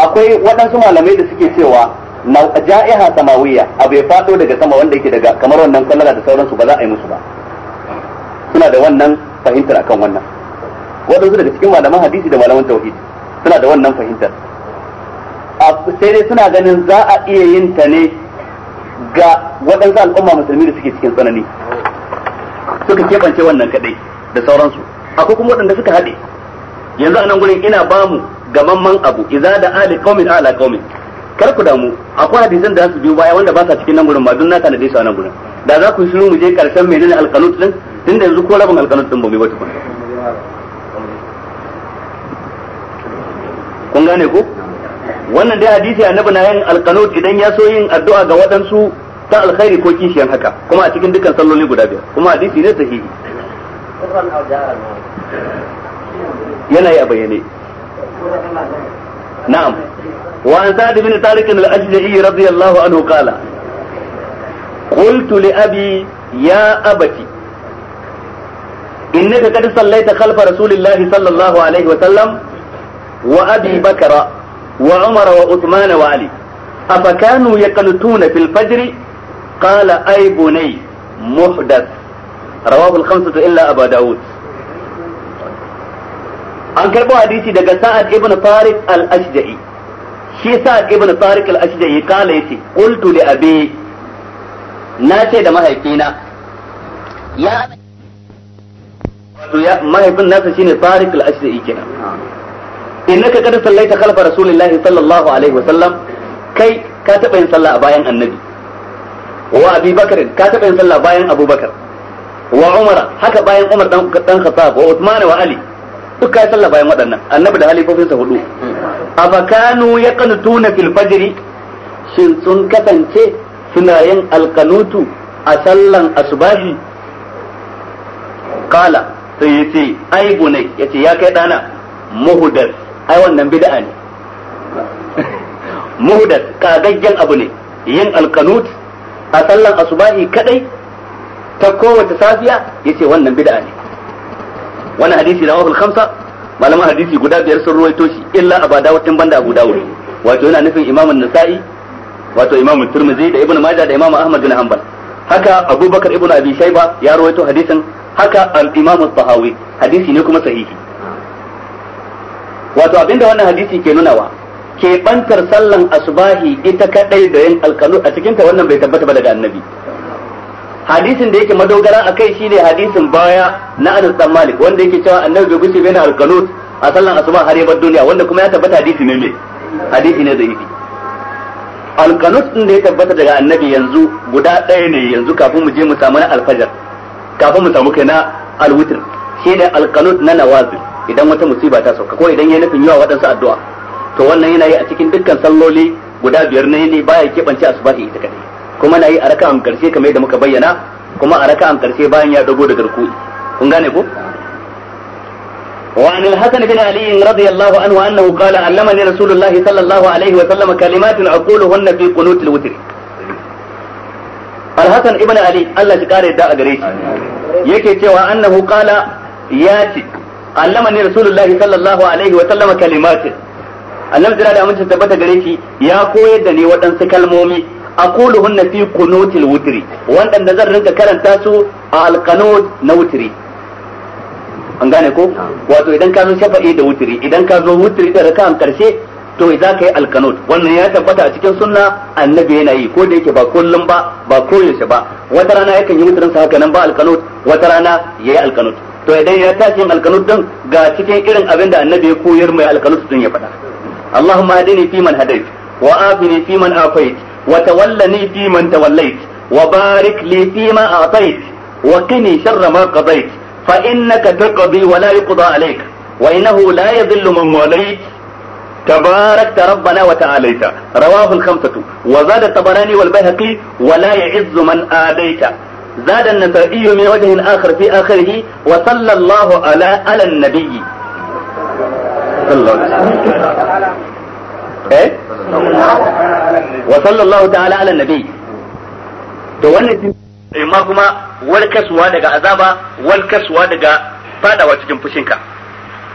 akwai waɗansu malamai da suke cewa na ja'iha samawiyya abu ya fato daga sama wanda yake daga kamar wannan kallara da sauransu ba za a yi musu ba suna da wannan fahimtar akan wannan waɗansu daga cikin malaman hadisi da malaman tauhid suna da wannan fahimtar sai dai suna ganin za a iya yin ta ne ga waɗansu al'umma musulmi da suke cikin tsanani suka keɓance wannan kaɗai da sauransu akwai kuma waɗanda suka haɗe yanzu a nan gurin ina ba mu gamamman abu iza da ali qaumin ala qaumin kar ku damu akwai hadisan da su biyo baya wanda ba sa cikin nan gurin ba dun na dai su a nan gurin da za ku shiru mu je karshen menene alqanut din tunda yanzu ko rabin alqanut din ba mai wata kun gane ko wannan dai hadisi annabi na yin alqanut idan ya so yin addu'a ga waɗansu ta alkhairi ko kishiyan haka kuma a cikin dukkan salloli guda biyar kuma hadisi ne sahihi yana yi a bayyane na'am wa an sa'ad bin tariq al ajdi radiyallahu anhu qala li abi ya abati innaka qad sallaita خلف rasulillahi sallallahu alaihi wa sallam wa abi bakra wa umar wa usman wa ali afa kanu yaqnutuna fil fajr qala ay bunay muhdath rawahu al-khamsatu illa abu daud an karbo hadisi daga sa'ad ibn tariq al-ashja'i shi sa'ad ibn tariq al-ashja'i kala yace qultu li abi na ce da mahaifina ya wato ya mahaifin nasa shine tariq al-ashja'i kenan innaka kad sallaita khalfa rasulillahi sallallahu alaihi wa sallam kai ka taba yin sallah a bayan annabi wa abi bakr ka taba yin sallah bayan abubakar wa umara haka bayan umar dan dan khattab wa usman wa ali duk kai sallah bayan waɗannan annabi da halifofin sa hudu abakanu yaqnutuna fil fajr shin sun kasance suna yin alqanutu a sallan asbahi kala sai yace ai bunai yace ya kai dana muhdath ai wannan bid'a ne muhdas kagaggen abu ne yin alkanut a sallan asubahi kadai ta kowace safiya yace wannan bid'a ne wannan hadisi da wahul khamsa malaman hadisi guda biyar sun ruwaito shi illa aba dawud din banda abu dawud wato yana nufin imamu nasa'i wato imamu turmizi da ibnu majah da imamu ahmad bin hanbal haka abubakar ibnu abi shayba ya ruwaito hadisin haka al-imamu tahawi hadisi ne kuma sahihi wato abinda wannan hadisi ke nunawa bantar sallan asubahi ita kadai da yin alkanu a cikinta wannan bai tabbata ba daga annabi hadisin da yake madogara a kai shine hadisin baya na anas dan malik wanda yake cewa annabi bai gusi bai na alkanu a sallan asuba har yabar duniya wanda kuma ya tabbata hadisi ne mai hadisi ne zaifi alkanus din da ya tabbata daga annabi yanzu guda ɗaya ne yanzu kafin mu je mu samu na alfajar kafin mu samu kai na alwitr shine alkanut na nawazil idan wata musiba ta sauka ko idan ya nufin yawa waɗansu addu'a to wannan yana yi a cikin dukkan salloli guda biyar na yini baya keɓance asubahi ita kadai kuma na yi a raka'an karshe kamar yadda muka bayyana kuma a raka'an karshe bayan ya dago daga rukui kun gane ko وعن الحسن بن علي رضي الله عنه أنه قال علمني رسول الله صلى الله عليه وسلم كلمات أقولهن في قنوت الوتر الحسن ابن علي الله a gare shi يكي cewa annahu قال ya allamani rasulullahi sallallahu alaihi wa sallama kalimatin annabi jira da amincin tabbata gare shi ya koyar da ni waɗansu kalmomi aquluhunna fi qunutil wutri wanda zan rinka karanta su a alqanud na wutri an gane ko wato idan ka zo shafa'i da wutri idan ka zo wutri da raka'an karshe to za ka yi alkanut wannan ya tabbata a cikin sunna annabi yana yi ko da yake ba kullum ba ba koyaushe ba wata rana yakan yi sa haka nan ba alkanut wata rana ya yi to idan ya tashi yin alkanut din ga cikin irin abin da annabi ya koyar mai alkanus din ya faɗa Allahumma hadini fi man hadait wa afini fi man afait wa tawallani fi man tawallait wa barik li fi ma atait wa qini sharra ma qadait fa innaka taqdi wa la yuqda alayk wa innahu la yadhillu man walayt تباركت ربنا وتعاليت رواه الخمسة وزاد الطبراني والبيهقي ولا يعز من آديت زاد النسائي من وجه آخر في آخره وصلى الله على على النبي صلى الله عليه وسلم إيه؟ وصلى الله تعالى على النبي to wannan imma kuma warkaswa daga azaba warkaswa daga fadawa cikin fushinka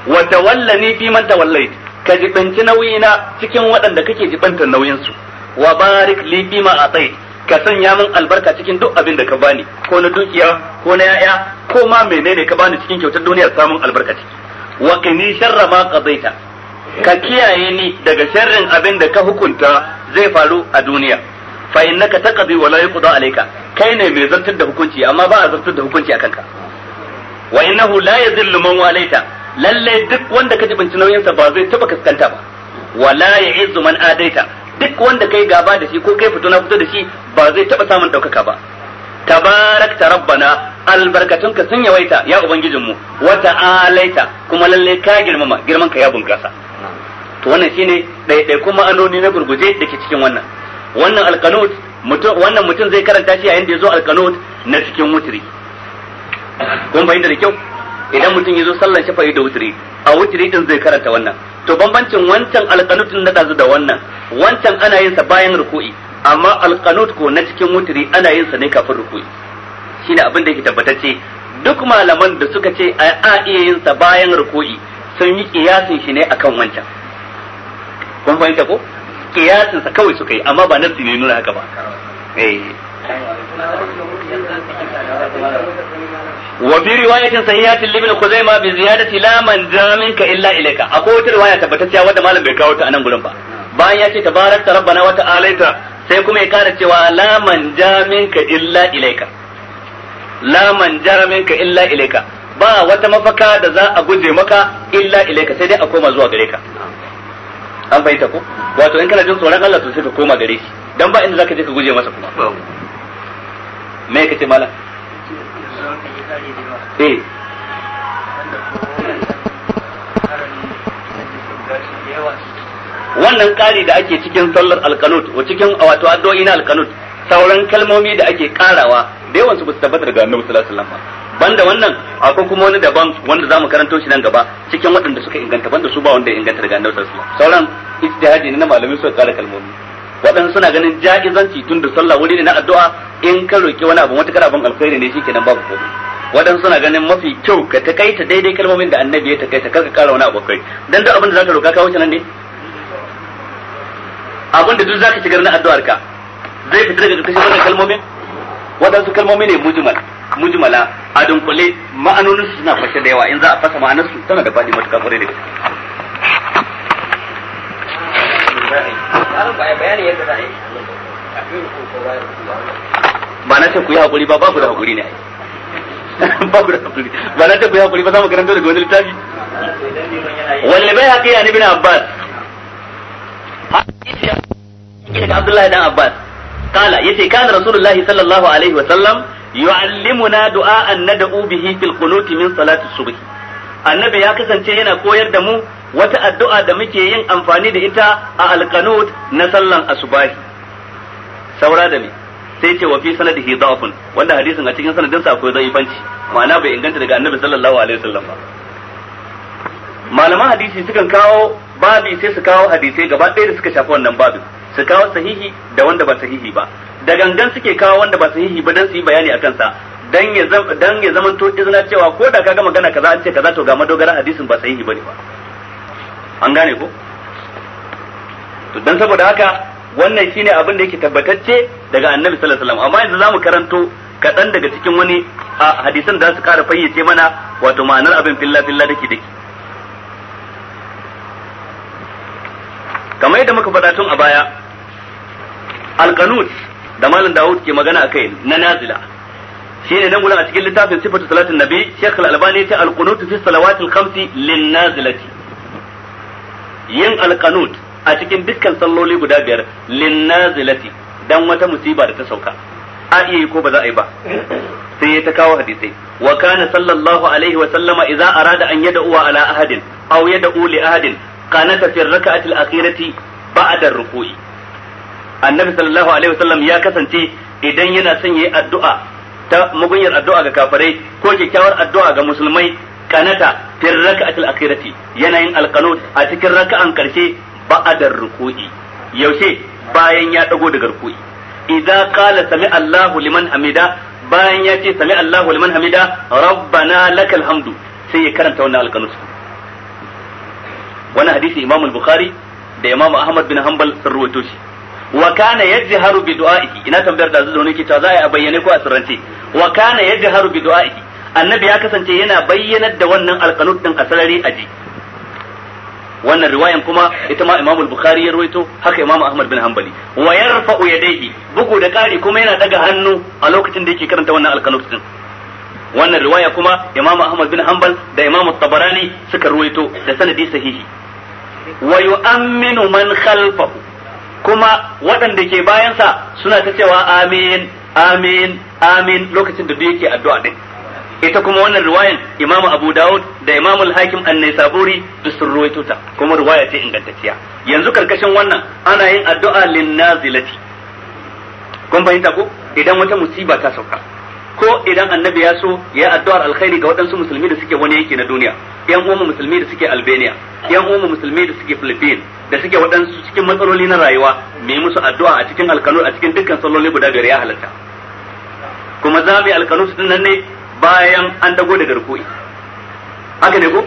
wa tawallani fi man tawallait ka jibanci nauyina cikin waɗanda kake jibantar nauyinsu wa barik li fi ma atait ka sanya min albarka cikin duk abin da ka bani ko na dukiya ko na yaya ko ma menene ka bani cikin kyautar duniyar samun albarka ciki wa kini sharra ma qadaita ka kiyaye ni daga sharrin abin da ka hukunta zai faru a duniya fa innaka taqdi wa la yuqda alayka kai ne mai zartar da hukunci amma ba a zartar da hukunci akan ka wa innahu la yadhillu man walaita lalle duk wanda ka jibinci nauyinsa ba zai taba kaskanta ba wala ya'izzu man adaita duk wanda kai gaba da shi ko kai fito na fito da shi ba zai taba samun daukaka ba tabarakta rabbana albarkatunka sun yawaita ya ubangijinmu wa ta'alaita kuma lalle ka girmama girman ka ya bunkasa to wannan shine ɗaiɗai kuma anoni na gurguje da cikin wannan wannan alqanut mutum wannan mutum zai karanta shi yayin da yazo alqanut na cikin wutri kun bayin da kyau idan mutum yazo sallan shafa'i da wutri a wuturi din zai karanta wannan to bambancin wancan alqanutun na dazu da wannan wancan ana yin sa bayan ruku'i amma alqanut ko na cikin wuturi ana yin sa ne kafin ruku'i shine abin da yake tabbatacce duk malaman da suka ce a iya yin sa bayan ruku'i sun yi kiyasin shi ne akan wancan kun fahimta ko kiyasin sa kawai suka yi amma ba nasu ne nuna haka ba eh wa bi riwayatin sahihatin libn khuzaimah bi ziyadati la man jaminka illa ilayka akwai wata riwaya tabbatacciya wanda malam bai kawo ta anan gurin ba bayan ya ce tabarakta rabbana wa ta'alaita sai kuma ya kara cewa la man jaminka illa ilayka la man jaminka illa ilayka ba wata mafaka da za a guje maka illa ilayka sai dai a koma zuwa gare ka an fahimta ko wato in kana jin tsoron Allah to sai ka koma gare shi dan ba inda zaka je ka guje masa kuma me kace malam Eh. wannan kari da ake cikin sallar alkanut wa cikin wato addu'o'i na alkanut sauran kalmomi da ake karawa da yawan su ba su tabbata daga annabi sallallahu alaihi wasallam banda wannan akwai kuma wani daban wanda zamu karanto shi nan gaba cikin waɗanda suka inganta banda su ba wanda ya inganta daga annabi sallallahu alaihi wasallam sauran ijtihadi ne na malamai suka kara kalmomi waɗanda suna ganin ja'izanci tun da sallah wuri ne na addu'a in ka roki wani abu matakar abin alkhairi ne shikenan babu komai waɗansu suna ganin mafi kyau ka takaita daidai kalmomin da annabi ya takaita kar ka kara wani abokai dan duk abin da zaka roka ka wuce nan ne abin da duk zaka shigar na addu'ar ka zai fita daga kashe wannan kalmomin wadansu kalmomi ne mujmal mujmala a dunkule ma'anonin su suna fashe da yawa in za a fasa ma'anar su tana da fadi matuƙa kwarai da gaske ba na ce ku yi haƙuri ba babu da haƙuri ne a yi babu da hakuri ba na tabbaya hakuri ba za mu karanta daga wani littafi wani bai haka yana ibn abbas daga abdullahi dan abbas kala ya yace kana rasulullahi sallallahu alaihi wa sallam yu'allimuna du'a'an nad'u bihi fil qunut min salati subh annabi ya kasance yana koyar da mu wata addu'a da muke yin amfani da ita a alqanut na sallan asubahi saura da me sai ce wa fi sanadihi da'fun wanda hadisin a cikin sanadin sa akwai zaifanci ma'ana bai inganta daga annabi sallallahu alaihi wasallam ba malaman hadisi sukan kawo babi sai su kawo hadisai gaba ɗaya da suka shafi wannan babin su kawo sahihi da wanda ba sahihi ba da gangan suke kawo wanda ba sahihi ba dan su yi bayani akan sa dan ya dan ya to izina cewa ko da kaga magana kaza an ce kaza to ga madogaran hadisin ba sahihi bane ba an gane ko to dan saboda haka wannan shine abin da yake tabbatacce daga annabi sallallahu alaihi wasallam amma yanzu zamu karanto kaɗan daga cikin wani hadisan za su ƙara fayyace mana wato ma'anar abin filla filla dake dake kamar yadda muka faɗa tun a baya alqanut da malam Dawud ke magana akai na nazila shine nan gurin a cikin littafin sifatu salatin nabi Sheikh Al-Albani ya ce alqanut fi salawatil khamsi lin nazilati yin alqanut a cikin dukkan salloli guda biyar linnazilati dan wata musiba da ta sauka a iya yi ko ba za a yi ba sai ya ta kawo hadisai wa kana sallallahu alaihi wa sallama idza arada an uwa ala ahadin aw yada uli ahadin qanata fi rak'ati al-akhirati ba'da rukui annabi sallallahu alaihi wa sallam ya kasance idan yana son yayi addu'a ta mugunyar addu'a ga kafirai ko kyakkyawar addu'a ga musulmai kanata fi rak'ati al-akhirati yana yin al-qanut a cikin raka'an karshe ba'adar ruku'i yaushe bayan ya dago daga ruku'i idza qala sami Allahu liman hamida bayan ya ce sami Allahu liman hamida rabbana lakal hamdu sai ya karanta wannan alqanus wannan hadisi imamu al-Bukhari da imamu Ahmad bin Hanbal sun ruwaito shi wa kana yajharu bi du'a'ihi ina tambayar da zuwa nake ta za a bayyane ko a sirrance wa kana yajharu bi du'a'ihi annabi ya kasance yana bayyanar da wannan alqanus din a sarari aji wannan riwayan kuma ita ma Imam Bukhari ya ruwaito haka Imam Ahmad bin Hanbali wa yarfa'u yadayhi bugu da kari kuma yana daga hannu a lokacin da yake karanta wannan alqanut din wannan riwaya kuma Imam Ahmad bin Hanbal da Imam Tabarani suka ruwaito da sanadi sahihi wa yu'minu man khalfahu kuma waɗanda ke bayansa suna ta cewa amin amin amin lokacin da duk yake addu'a din ita kuma wannan riwayan imamu abu dawud da imamu al-hakim an-naisaburi duk sun ruwaito kuma riwaya ce ingantacciya yanzu karkashin wannan ana yin addu'a lin nazilati kun fahimta ko idan wata musiba ta sauka ko idan annabi ya so ya addu'ar alkhairi ga waɗansu musulmi da suke wani yanki na duniya yan uwan musulmi da suke Albania yan uwan musulmi da suke Philippines da suke waɗansu cikin matsaloli na rayuwa mu musu addu'a a cikin alkanu a cikin dukkan salloli guda biyar ya halatta kuma za mu yi alkanu su nan ne bayan an dago da garkoyi haka ne ko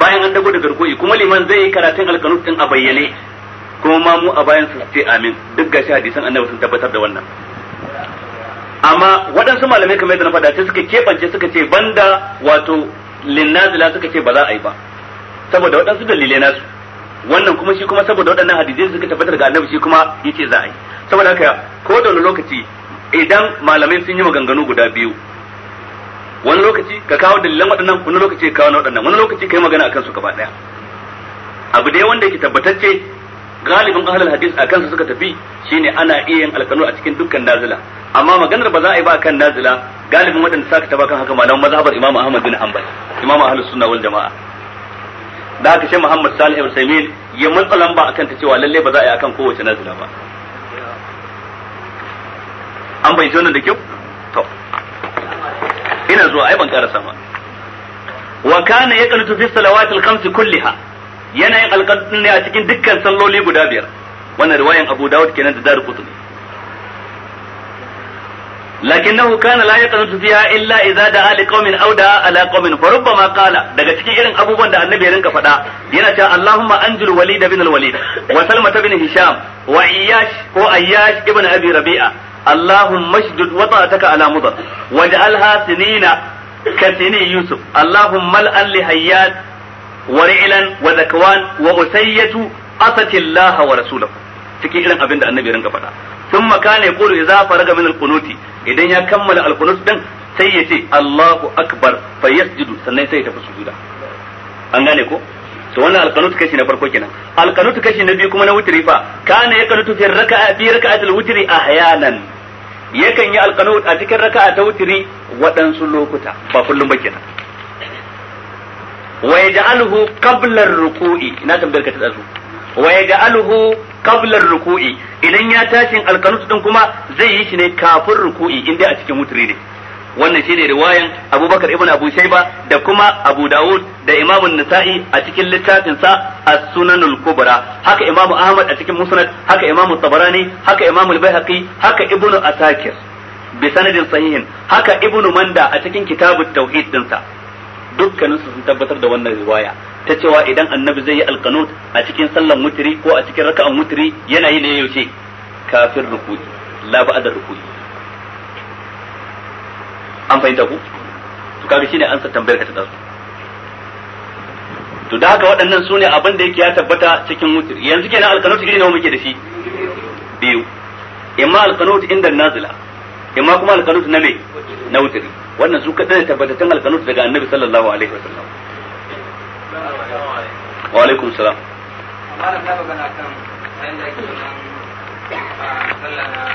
bayan an dago da garkoyi kuma liman zai yi karatun alkanut din a bayyane kuma ma mu a bayan su ce amin duk gashi hadisan annabi sun tabbatar da wannan amma waɗansu malamai kamar yadda na faɗa sai suka kebance suka ce banda wato linnazila suka ce ba za a yi ba saboda waɗansu dalilai nasu wannan kuma shi kuma saboda waɗannan hadisai suka tabbatar ga annabi shi kuma yace za a yi saboda haka ko da wani lokaci idan malamai sun yi maganganu guda biyu wani lokaci ka kawo dalilan waɗannan wani lokaci ka kawo na waɗannan wani lokaci ka yi magana akan su gaba ɗaya abu dai wanda yake tabbatacce galibin ahlul hadis a su suka tafi shine ana iya yin alkanu a cikin dukkan nazila amma maganar ba za a yi ba kan nazila galibin waɗanda ka taba kan haka malaman mazhabar imam ahmad bin hanbal imam ahlus sunna wal jamaa da haka sai muhammad salih al-saimin ya matsa lamba akan ta cewa lalle ba za a yi akan kowace nazila ba an bai wannan da kyau ina zuwa ai ban karasa ba wa kana yaqnutu fi al-khams kulliha yana yin ne a cikin dukkan salloli guda biyar wannan riwayan Abu Dawud kenan da Daru Qutni lakinnahu kana la yaqnutu fiha illa idza da'a li aw da'a ala qaumin fa rubbama qala daga cikin irin abubuwan da annabi ya rinka faɗa yana cewa Allahumma anjil walid bin al-walid wa salma bin hisham wa iyash ko ayyash ibn abi rabi'a Allahumma shdud wata'ataka ala mudar waj'alha sinina kasini yusuf Allahumma al'an li hayyat wa ri'lan wa zakwan wa wa rasulahu cikin irin abin da annabi rinka faɗa ثم كان يقول إذا فرغ من القنوت idan ya kammala القنوت din sai yace ce Allahu Akbar fa yasjudu sannan sai ya tafi sujuda an gane ko to wannan alqanut kashi na farko kenan alqanut kashi na biyu kuma na wutri fa kana yaqnutu fi raka'a bi raka'atil wutri ahyanan yakan yi alqanut a cikin raka'a ta wutri waɗansu lokuta ba kullum ba kenan wa yaj'aluhu qabla rukui ina tambayar ka ta tsazo wa yaj'aluhu qabla rukui idan ya tashin alqanut din kuma zai yi shi ne kafin ruku'i inda a cikin wutri ne wannan shine riwayan Abubakar ibn Abu Shayba da kuma Abu Dawud da Imam nisa'i a cikin littafin sa As-Sunanul Kubra haka Imam Ahmad a cikin Musnad haka Imam Tabarani haka Imam Al-Baihaqi haka Ibn Asakir bi sanadin sahihin haka Ibn Manda a cikin Kitabut Tauhid din sa dukkanin su sun tabbatar da wannan riwaya ta cewa idan annabi zai yi alqanut a cikin sallan mutri ko a cikin raka'an mutri yana yi ne yaushe kafin ruku'i la ba'da ruku'i an fahimta ku to kaga shine sa tambayar ka ta dasu to da haka waɗannan sune abin da yake ya tabbata cikin wutir yanzu kenan alkanoti gidi nawa muke da shi biyu imma alkanoti inda nazila imma kuma alkanoti na me na wutir wannan su kadai tabbatattun alkanoti daga annabi sallallahu alaihi wasallam wa alaikum salam malam ta magana kan yanda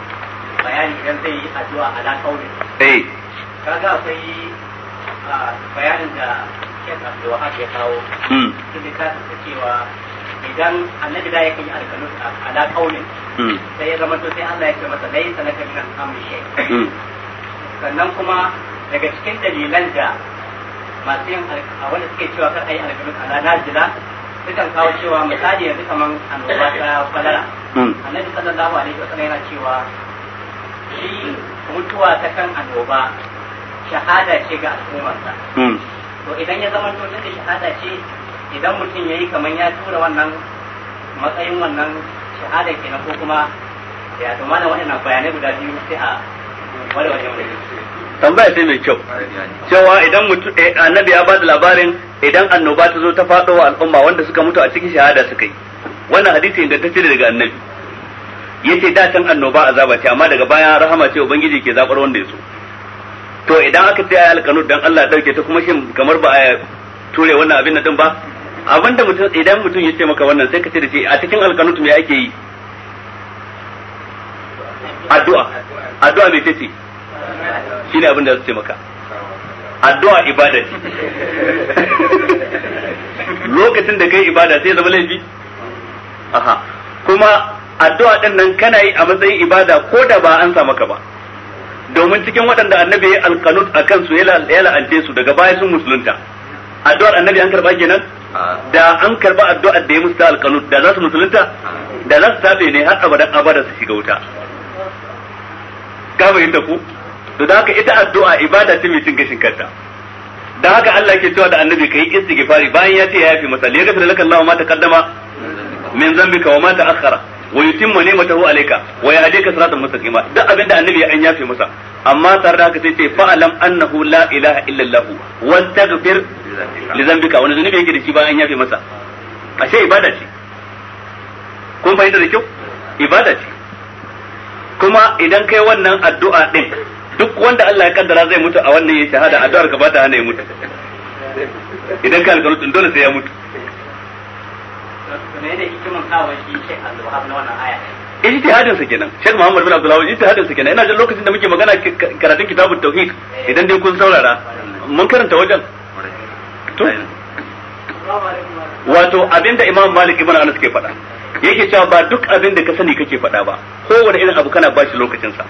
bayani idan zai yi addu'a ala kauli eh kaga akwai ah, bayanin da Sheikh Abdul Wahab ya kawo tunda ka tafi cewa idan annabi da yake yi alkanu ala kaulin hmm. sai ya zama to sai Allah ya ce masa dai sanaka min amri shay hmm. sannan kuma daga cikin dalilan da masu yin wanda suke cewa kar ayi alkanu ala najila sukan kawo cewa misali yanzu kaman annoba ta balara hmm. annabi sallallahu alaihi wasallam yana cewa shi mutuwa ta kan annoba shahada ce ga al'ummarsa hmm. to idan ya zama to da shahada ce idan mutum ya yi kamar ya tura wannan matsayin wannan shahada kenan ko kuma ya to mana wannan bayanai guda biyu sai a wani wajen wani tambaya sai mai kyau cewa idan eh, annabi ya ba da labarin idan annoba ta zo ta faɗo wa al'umma wanda suka mutu a cikin shahada suka yi wannan hadisi ingantacce daga annabi yace da can annoba azaba ce amma daga baya rahama ce ubangiji ke zabar wanda ya so to idan aka ce ayal kanut dan Allah dauke ta kuma shin kamar ba a ture wannan abin nan din ba abinda mutum idan mutum ya ce maka wannan sai ka ce da ce a cikin alkanut me ake yi addu'a addu'a me ce shine abin da zai ce maka addu'a ibada ce lokacin da kai ibada sai zama laifi aha kuma addu'a din nan kana yi a matsayin ibada ko da ba an sa maka ba domin cikin waɗanda annabi ya alkanut a kansu ya la'ance su daga baya sun musulunta addu'ar annabi an karba kenan da an karba addu'ar da ya musu ta alkanut da za su musulunta da za su tabe ne har abadan abada su shiga wuta kama fahimta ku to da haka ita addu'a ibada ce mai cin gashin kanta da haka Allah ke cewa da annabi kai istighfari bayan ya ce ya yafi masa li yaghfir laka ma taqaddama min zambika wa ma ta'akhkhara wa yutimmu ni'matahu alayka wa yahdika siratan mustaqima duk abinda annabi an yafe masa amma tare da haka sai ce fa'alam annahu la ilaha illa Allah wastaghfir li dhanbika wani zunubi yake da shi ba an yafe masa ashe ibada ce kun fahimta da kyau ibada ce kuma idan kai wannan addu'a din duk wanda Allah ya kaddara zai mutu a wannan ya shahada addu'ar ka ba ta hana ya mutu idan ka alƙalu dole sai ya mutu menene hikimin kawo ijtihadin sa kenan Sheikh Muhammad bin Abdullah ijtihadin sa kenan ina jin lokacin da muke magana karatun kitabut tauhid idan dai kun saurara mun karanta wajen to wato abinda Imam Malik ibn Anas ke faɗa yake cewa ba duk abin da ka sani kake faɗa ba kowane irin abu kana bashi lokacin sa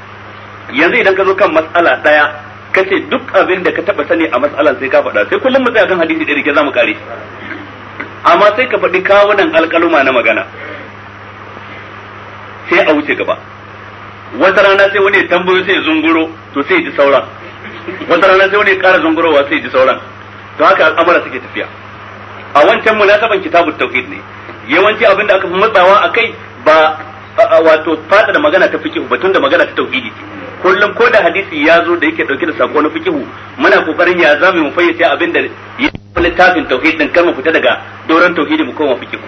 yanzu idan ka zo kan mas'ala daya kace duk abin da ka taba sani a mas'alan sai ka faɗa sai kullum mu tsaya kan hadisi da rike zamu kare amma sai ka faɗi kawunan alƙaluma na magana sai a wuce gaba wata rana sai wani ya tambayo sai zunguro to sai ji sauran wata rana sai wani ya ƙara zungurowa sai ji sauran to haka al'amura suke tafiya a wancan munasaban kitabut tauhid ne yawanci abin da aka fi matsawa a kai ba wato fada da magana ta fikihu batun da magana ta tauhidi ce kullum ko da hadisi ya zo da yake dauke da sako na fikihu muna kokarin ya zame mu fayyace abin da littafin tauhid din kar mu fita daga doron tauhidi mu koma fikihu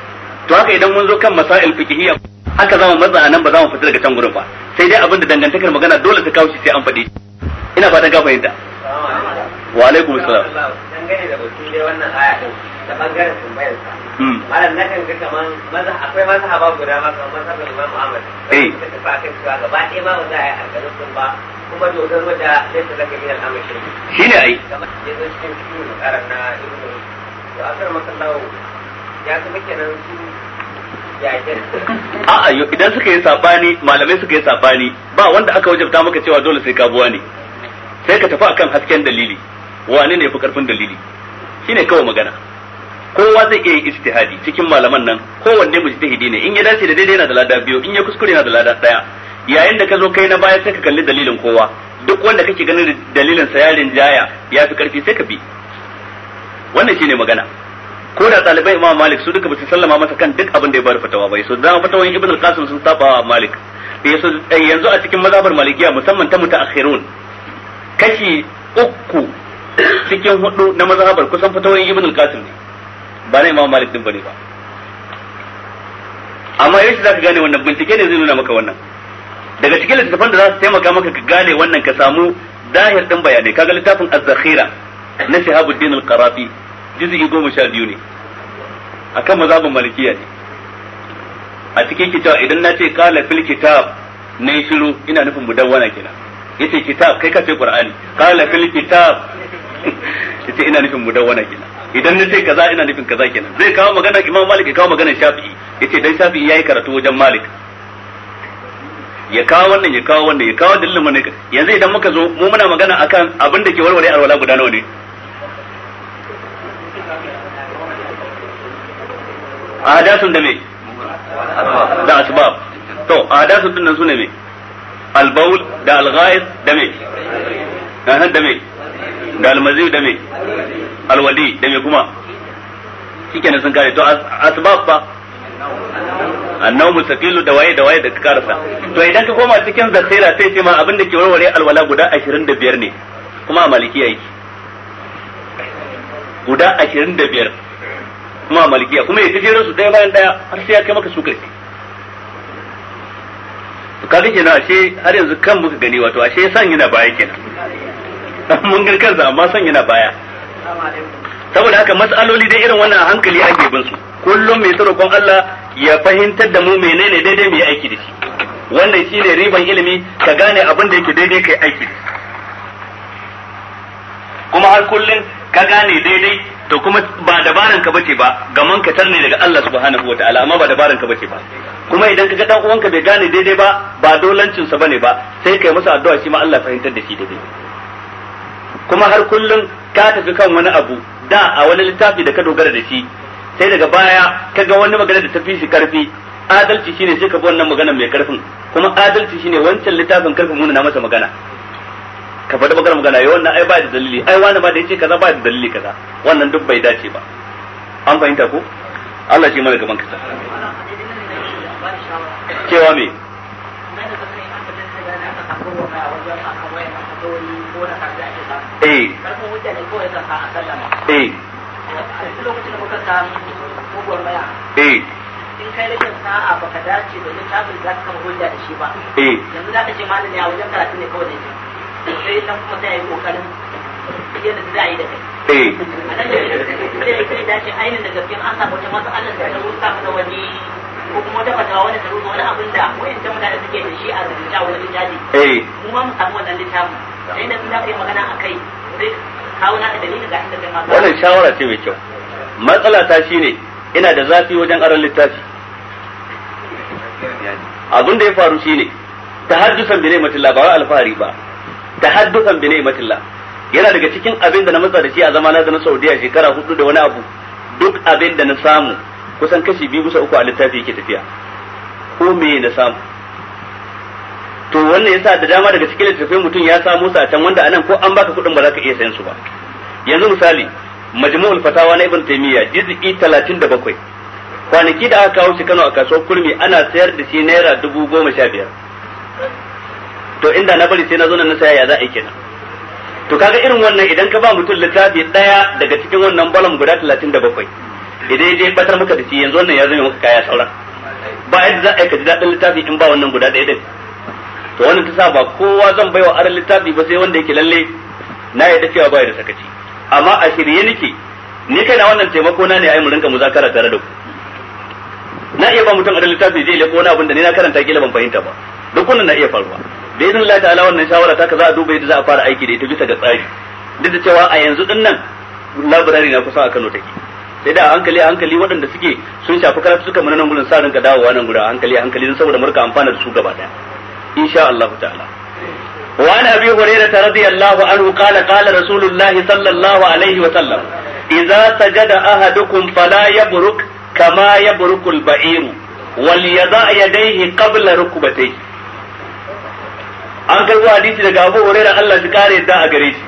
to haka idan mun zo kan masail fikihiyya haka zamu matsa nan ba zamu fita daga can gurin ba sai dai abin da dangantakar magana dole ta kawo shi sai an faɗi ina fatan ka fahimta wa alaikum assalam dangane da batun dai wannan aya din da bangaren tambayar sa hmm. malam na kan ga kaman maza akwai maza mazhaba guda ma kaman mazhabin Imam Ahmad eh ba ka fa kai gaba ɗaya ma ba za a yi alƙalin ba kuma sai idan suka yi sabani malamai suka yi sabani ba wanda aka wajabta maka cewa dole sai ka buwa ne sai ka tafi akan hasken dalili wane ne fi karfin dalili shine kawai magana kowa zai iya ijtihadi cikin malaman nan kowanne mujtahidi ne in ya dace da daidai na da lada biyu in ya kuskure na da lada daya yayin da ka zo kai na baya sai ka kalli dalilin kowa duk wanda kake ganin dalilin sa yarin jaya ya fi karfi sai ka bi wannan shine magana ko da ɗalibai imam malik su duka su sallama masa kan duk abin da ya bar fatawa bai so dama fatawan ibn al-qasim sun saba malik eh, yanzu a cikin mazhabar malikiya musamman ta mutaakhirun kashi uku cikin hudu na mazhabar kusan fatawan ibn al-qasim ne ba na imam malik din bane ba amma yaushe zaka gane wannan bincike ne zai nuna maka wannan daga cikin littattafan da za su taimaka maka ka gane wannan ka samu dahir din bayanai kaga littafin az-zakhira na shahabuddin al-qarafi juz'i goma sha ne akan mazhabin malikiya ne a cikin kitab idan na ce qala fil kitab nayi shiru ina nufin mudawwana kenan yace kitab kai ka ce qur'ani qala fil kitab yace ina nufin mudawwana kenan idan na ce kaza ina nufin kaza kenan zai kawo magana imam malik ya kawo magana shafi'i yace dan shafi'i yayi karatu wajen malik ya kawo wannan ya kawo wannan ya kawo dalilin mana yanzu idan muka zo mu muna magana akan abin da ke warware alwala guda nawa ne ahadasun da me da asbab to ahadasun din nan sune me albaul da alghaiz da me nan da me da almazi da me alwali da me kuma ne sun kare to asbab fa annau mustaqilu da waye da waye da ka karasa to idan ka koma cikin zakhira sai ce ma abin da ke warware alwala guda 25 ne kuma a malikiya yake guda 25 kuma a malikiya kuma ya gajere su daya bayan daya har sai ya kai maka su karfi kaga kenan ashe har yanzu kan muka gani wato ashe san yana baya kenan mun ga kansa amma san yana baya saboda haka mas'aloli dai irin wannan hankali ake bin su kullum mai tsarokon Allah ya fahimtar da mu menene daidai mu yi aiki da shi wannan shine riban ilimi ka gane abin da yake daidai kai aiki da shi kuma har kullun ka gane daidai to kuma ba dabaran ka bace ba gaman ka tarne daga Allah subhanahu wataala amma ba dabaran ka bace ba kuma idan ka ga dan uwanka bai gane daidai ba ba dolancin sa bane ba sai kai masa addu'a shi ma Allah fahimtar da shi daidai kuma har kullun ka tafi kan wani abu da a wani littafi da ka dogara da shi sai daga baya kaga wani magana da ta fi shi karfi adalci shine sai ka bi wannan magana mai karfin kuma adalci shine wancan littafin karfin muna na masa magana ka faɗi magana magana ya wannan ai ba da dalili ai wani ba da yace kaza ba da dalili kaza wannan duk bai dace ba an fahimta ko Allah shi mai gaban kasa cewa me eh eh lokacin da muka samu gwagwarmaya in kai da rashin sa'a baka dace da littafin za ka kama hujja da shi ba eh. yanzu za ka ce malami a wajen karatu ne kawai da sai nan kuma sai yi kokarin yadda za a yi da kai eh. a nan da kai dace ainihin da gaskiyan an samu wata matsalar da ta rusa mana wani ko kuma wata fatawa wani ta rusa wani abin da wayan ta mutane suke da shi a rubuta wani littafi eh. mu ma mu samu wannan littafin sai da za ka yi magana a kai wannan shawara ce mai kyau matsala ta shine ina da zafi wajen aron littafi abin da ya faru shine san bine matilla ba wai alfahari ba ta san bine matilla yana daga cikin abin da na matsa da shi a zamana da na Saudiya shekara hudu da wani abu duk abin da na samu kusan kashi biyu bisa uku a littafi yake tafiya ko me na samu to wannan yasa da dama daga cikin littattafai mutum ya samu sa can wanda anan ko an baka kuɗin ba za ka iya sayan su ba yanzu misali majmu'ul fatawa na ibn taymiya juz'i 37 kwanaki da aka kawo shi Kano a kasuwar kurmi ana sayar da shi naira dubu goma sha biyar to inda na bari sai na zo na saya ya za a yi kenan to kaga irin wannan idan ka ba mutum littafi daya daga cikin wannan balam guda 37 idan je batar maka da shi yanzu wannan ya zama maka kaya sauran ba yadda za a yi ka ji daɗin littafi in ba wannan guda ɗaya din to wannan ta sa ba kowa zan baiwa aran littafi ba sai wanda yake lalle na yadda cewa ya da sakaci amma a shirye nake ni kai na wannan taimako na ne ai mu rinka muzakara tare da ku na iya ba mutum aran littafi zai leko wani abin da ni na karanta kila ban fahimta ba duk wannan na iya faruwa da izinin Allah ta'ala wannan shawara ta ka za a duba yadda za a fara aiki da ita bisa ga tsari duk da cewa a yanzu din nan labarari na kusa a Kano take sai da hankali a hankali waɗanda suke sun shafi karatu suka mana nan gurin sa rinka dawowa nan gurin a hankali a hankali saboda murka amfana da su gaba daya insha Allah ta'ala وعن ابي هريره رضي الله عنه قال قال رسول الله صلى الله عليه وسلم اذا سجد احدكم فلا يبرك كما يبرك البعير وليضع يديه قبل ركبتيه an karbo hadisi daga Abu Huraira Allah shi kare da a gare shi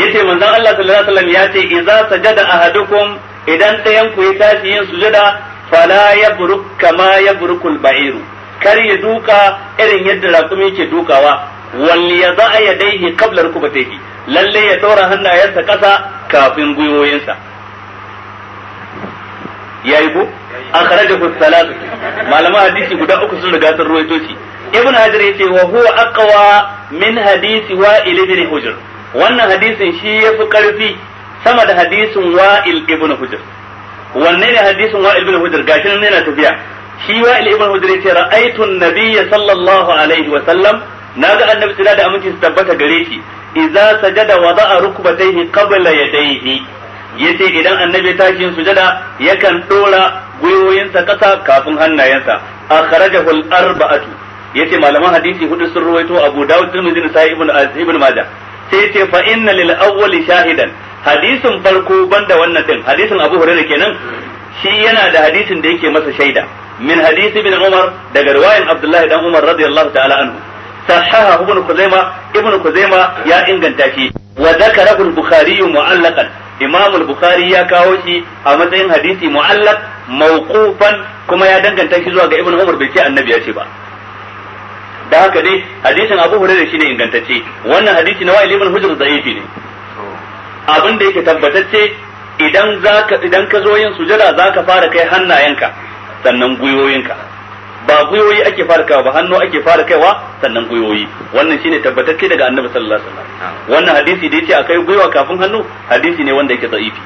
yace manzon Allah sallallahu alaihi wasallam yace idza sajada ahadukum idan ɗayan ku ya tashi yin sujada fala yabruk kama yabrukul ba'iru kar ya duka irin yadda raƙumi yake dukawa wani ya za a yadaihi kabla rukubatayhi lalle ya daura hannayensa ƙasa kafin gwiwoyinsa yayi ko akhrajahu salatu malama hadisi guda uku sun riga sun ruwaito shi ibn hajar yace wa huwa aqwa min hadisi wa ibn hujr wannan hadisin shi yafi karfi sama da hadisin wa ibn hujr wanne ne hadisin wa ibn hujr gashi nan yana tafiya shi wa ibn hudri ce ra'aytu an nabiy sallallahu alaihi wa sallam naga annabi tsira da aminci su tabbata gare shi idza sajada wada'a rukbatayhi qabla yadayhi yace idan annabi tashi yin sujada yakan dora gwiwoyinsa kasa kafin hannayensa akhrajahu al-arba'atu yace malaman hadisi hudu sun ruwaito Abu Dawud Tirmidhi da Sahih ibn Ibn Majah sai yace fa inna lil awwali shahidan hadisin farko banda wannan din hadisin Abu Hurairah kenan shi yana da hadisin da yake masa shaida min hadisi bin Umar daga riwayan Abdullahi dan Umar radiyallahu ta'ala anhu sahaha ibn Kuzaima ibn Kuzaima ya inganta shi wa zakarahu al-Bukhari mu'allaqan ya kawo shi a matsayin hadisi mu'allaq mawqufan kuma ya danganta shi zuwa ga Ibn Umar bai ce annabi ya ba da haka dai hadisin Abu Hurairah shine ingantacce wannan hadisi na Wa'il ibn Hujr da'ifi ne abin da yake tabbatacce idan idan ka zo yin sujada zaka fara kai hannayenka sannan gwiwoyinka ba gwiwoyi ake fara kaiwa ba hannu ake fara kaiwa sannan gwiwoyi wannan shine tabbatacce daga annabi sallallahu alaihi wasallam wannan hadisi da yace akai gwiwa kafin hannu hadisi ne wanda yake da'ifi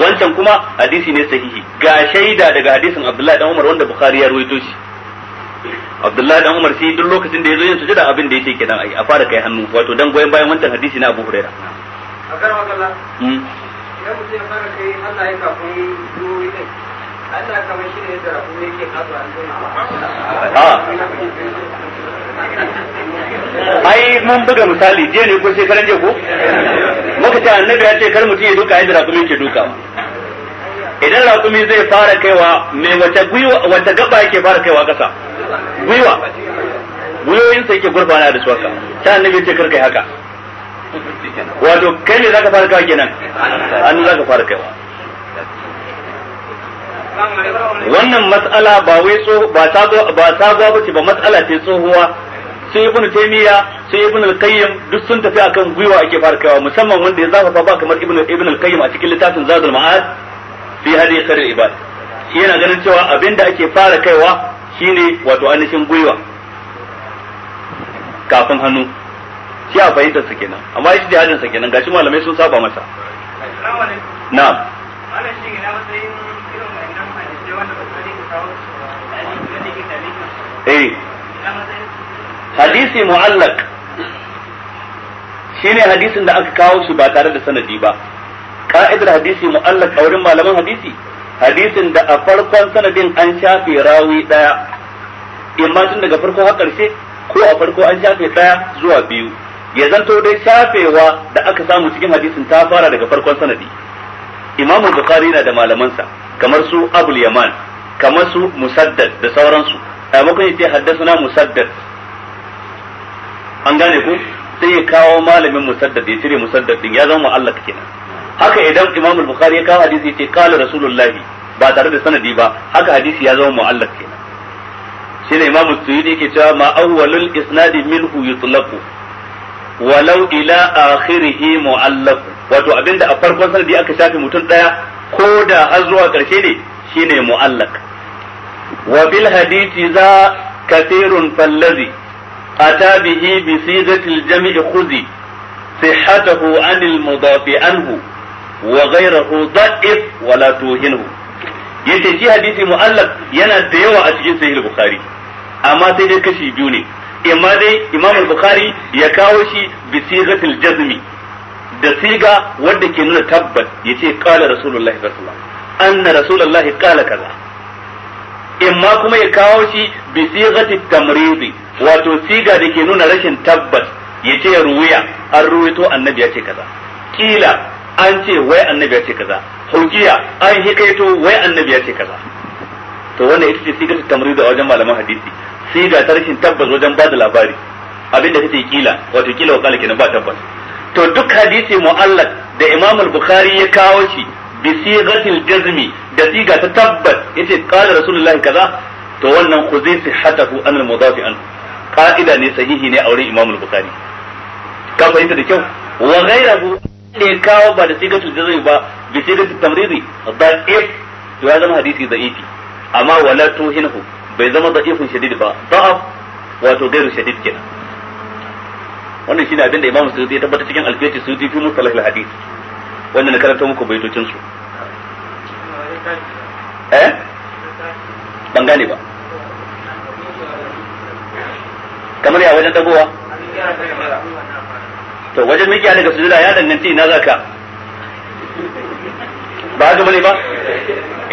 wancan kuma hadisi ne sahihi ga shaida daga hadisin Abdullahi dan Umar wanda Bukhari ya ruwaito shi Abdullahi dan Umar sai duk lokacin da yazo yin sujada abin da yake kenan ai a fara kai hannu wato dan goyen bayan wancan hadisi na Abu Hurairah a karwa kallon hmm. idan mutum ya fara kai Allah ya kafin duwi Ah. ai mun buga misali jiya ne ko shekaran jiya ko muka ce annabi ya ce kar mutum ya duka yadda rakumi ke duka idan rakumi zai fara kaiwa mai wata gwiwa wata gaba yake fara kaiwa kasa gwiwa gwiwoyinsa yake gurfana da suwaka. haka ta annabi ya ce kar kai haka wato kai ne za ka fara kaiwa kenan annu ka fara kaiwa wannan matsala ba wai so ba sabuwa ba ta zo ba matsala ce tsohuwa sai ibnu taymiya sai ibnu al-qayyim duk sun tafi akan gwiwa ake fara kaiwa musamman wanda ya fa ba kamar ibnu ibnu al-qayyim a cikin littafin zadul ma'ad fi hadi qari ibad shi yana ganin cewa abinda ake fara kaiwa shine wato anishin gwiwa kafin hannu shi a fahimtar sa kenan amma shi hadin sa kenan gashi malamai sun saba masa na'am eh hadisi mu'allaq shine hadisin da aka kawo shi ba tare da sanadi ba ka'idar hadisi mu'allaq a wurin malaman hadisi hadisin da a farkon sanadin an shafe rawi daya imma tun daga farko har karshe ko a farko an shafe daya zuwa biyu ya zanto dai shafewa da aka samu cikin hadisin ta fara daga farkon sanadi imamu bukhari na da malamansa kamar su abul yaman kamar su musaddad da sauransu a ya ce haddasuna musaddad an gane ku sai ya kawo malamin musaddad ya cire musaddad din ya zama mu'allaq kenan haka idan imam al-bukhari ya kawo hadisi ya ce qala rasulullahi ba tare da sanadi ba haka hadisi ya zama mu'allaq kenan ne imam ne yake cewa ma awwalul isnadi minhu yutlaqu walau ila akhirihi mu'allaq wato abinda a farkon sanadi aka shafe mutum daya ko da har zuwa karshe ne shine mu'allaq wa bil hadisi za kathirun fallazi ata bihi bi sigatil jami'i khuzi sihhatahu anil mudafi anhu wa ghayruhu da'if wa la tuhinhu yace shi hadisi mu'allaf yana da yawa a cikin sahih bukhari amma sai dai kashi biyu ne imma dai imam bukhari ya kawo shi bi sigatil jazmi da siga wadda ke nuna tabbat yace qala rasulullahi sallallahu alaihi wasallam anna rasulullahi qala kaza in ma kuma ya kawo shi bi sigati tamridi wato siga da ke nuna rashin tabbas ya ce ruwiya an ruwaito annabi ya ce kaza kila an ce wai annabi ya ce kaza hujiya an hikaito wai annabi ya ce kaza to wannan ita ce sigati tamridi a wajen malaman hadisi siga ta rashin tabbas wajen bada labari abin da kace kila wato kila wa kala kenan ba tabbas to duk hadisi mu'allaq da imamul bukhari ya kawo shi bi sigatil jazmi da siga ta tabbat yace qala rasulullahi kaza to wannan khuzai sihhatahu an al mudafi an qa'ida ne sahihi ne a wurin imam al-bukhari ka fahimta da kyau wa ghayrahu ne kawo ba da sigatul jazmi ba bi sigatul tamridi da'if to ya zama hadisi da'ifi amma wala tuhinhu bai zama da da'ifun shadid ba da'af wato gairu shadid kenan wannan shine abin da imam suyuti ya tabbata cikin alfiyati suyuti fi mustalah al-hadith wanda na karanta muku baitocin su eh ban gane ba kamar ya wajen dagowa to wajen mikiya daga sujuda ya danganci ina zaka ba ga bane ba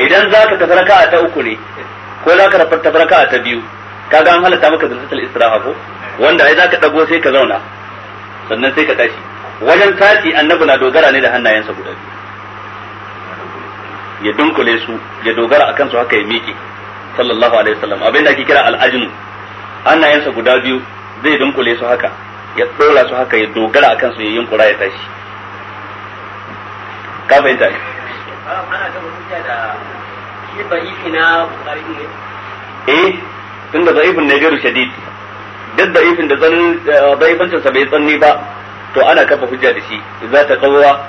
idan zaka tafi a ta uku ne ko zaka tafi a ta biyu kaga an halatta maka zurfatul istiraha ko wanda ai zaka dago sai ka zauna sannan sai ka tashi wajen tashi annabi na dogara ne da hannayensa guda biyu ya dunkule su ya dogara a kansu haka ya miƙe sallallahu alaihi wasallam abin da ake kira al'ajinu hannayensa guda biyu zai dunkule su haka ya ɗora su haka ya dogara a kansu ya yunkura ya tashi ka fahimta ne eh tunda da'ifin ne gairu shadid duk da'ifin da zan eh, da'ifancin sa bai tsanni ba to ana kafa hujja da shi za ta qawwa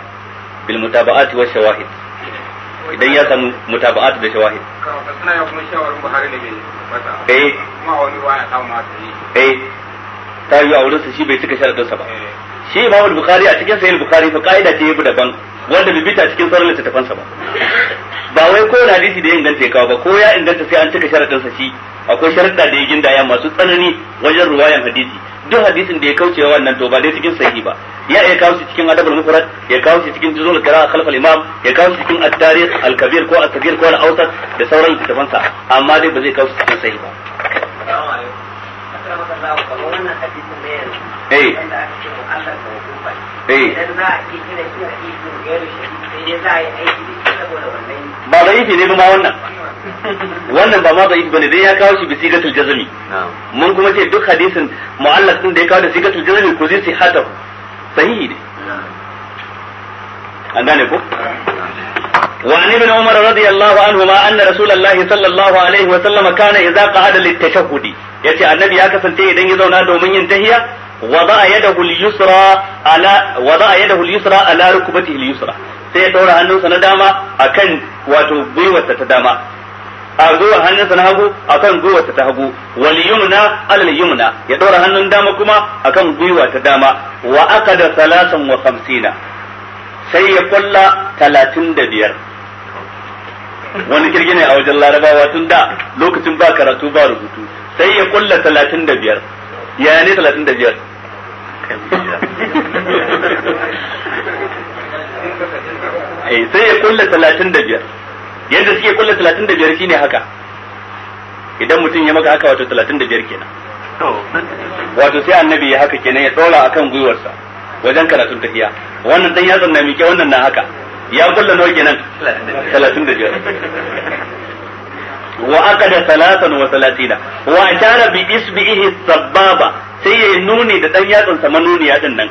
bil mutaba'ati wa shawahid idan ya samu mutaba'ati da shawahid suna ya kuma shawarin buhari ne bai eh kuma wani waya ta ma eh ta yi a wurinsa shi bai cika sharadinsa ba eh. shi imam al-bukhari a cikin sahih bukhari fa kaida ce yabi daban wanda bai bita cikin sauran littattafansa ba ba wai ko na hadisi da ya inganta ya kawo ba ko ya inganta sai an cika sharadinsa shi akwai sharadda da ya ginda ya masu tsanani wajen ruwayan hadisi duk hadisin da ya kauce wa wannan to ba dai cikin sahihi ba ya ya kawo shi cikin adabul mufrad ya kawo shi cikin juzul qira'a khalfal imam ya kawo shi cikin at-tarikh al-kabir ko at tabir ko al-awsat da sauran littafan sa amma dai ba zai kawo shi cikin sahihi ba eh eh idan za a yi kira shi a sai dai za a aiki ba ne wannan wannan ba ma da'if bane dai ya kawo shi bi sigatul jazmi mun kuma ce duk hadisin mu'allaf din da ya kawo da sigatul jazmi ko zai sihata sahihi ne an gane ko radiyallahu anhu ma anna rasulullahi sallallahu alaihi wa sallam kana idza qa'ada lit-tashahhudi yace annabi ya kasance idan ya zauna domin yin tahiyya wada yadahu al-yusra ala wada yadahu al-yusra ala sai ya daura hannunsa na dama akan wato gwiwarsa ta dama a gwiwar hannunsa na hagu akan gwiwarsa ta hagu wal yumna alal yumna ya daura hannun dama kuma akan gwiwa ta dama wa aqada salasan wa khamsina sai ya kulla talatin da biyar wani kirgi ne a wajen larabawa tun da lokacin ba karatu ba rubutu sai ya kulla talatin da biyar ya ne talatin da biyar eh, sai ya kulle talatin da biyar yadda suke kulla talatin da biyar shine haka idan mutum ya maka haka wato talatin da biyar kenan wato sai annabi ya haka kenan ya tsora akan gwiwarsa wajen karatun tafiya wannan dan ya na mike wannan na haka ya kulle nawa kenan talatin da biyar wa aqada salasan wa salatina wa ashara bi isbihi sababa sai ya nuni da dan yatsun sa manuniya din nan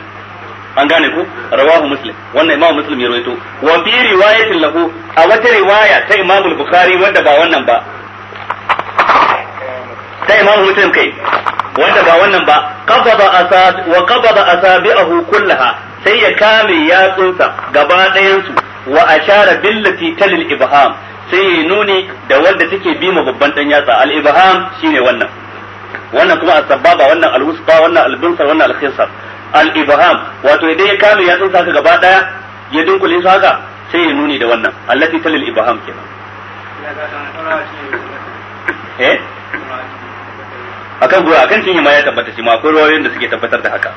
an gane ku rawahu muslim wannan imamu muslim ya rawaito wa fi riwayatin lahu a wata riwaya ta imamu bukhari wanda ba wannan ba ta imamu muslim kai wanda ba wannan ba qabada asab wa qabada asabi'ahu kullaha sai ya kame yatsunsa gaba dayan su wa ashara billati talil ibham sai ya nuni da wanda take bi ma babban dan yatsa al ibham shine wannan wannan kuma asbaba wannan al-wusfa wannan al binsa wannan al khisa al-ibham wato idan ya kame yatsun ka gaba daya ya dinkule su haka sai ya nuni da wannan allati talil ibham kenan eh akan gura akan cinye ma ya tabbata shi ma akwai rawayoyin da suke tabbatar da haka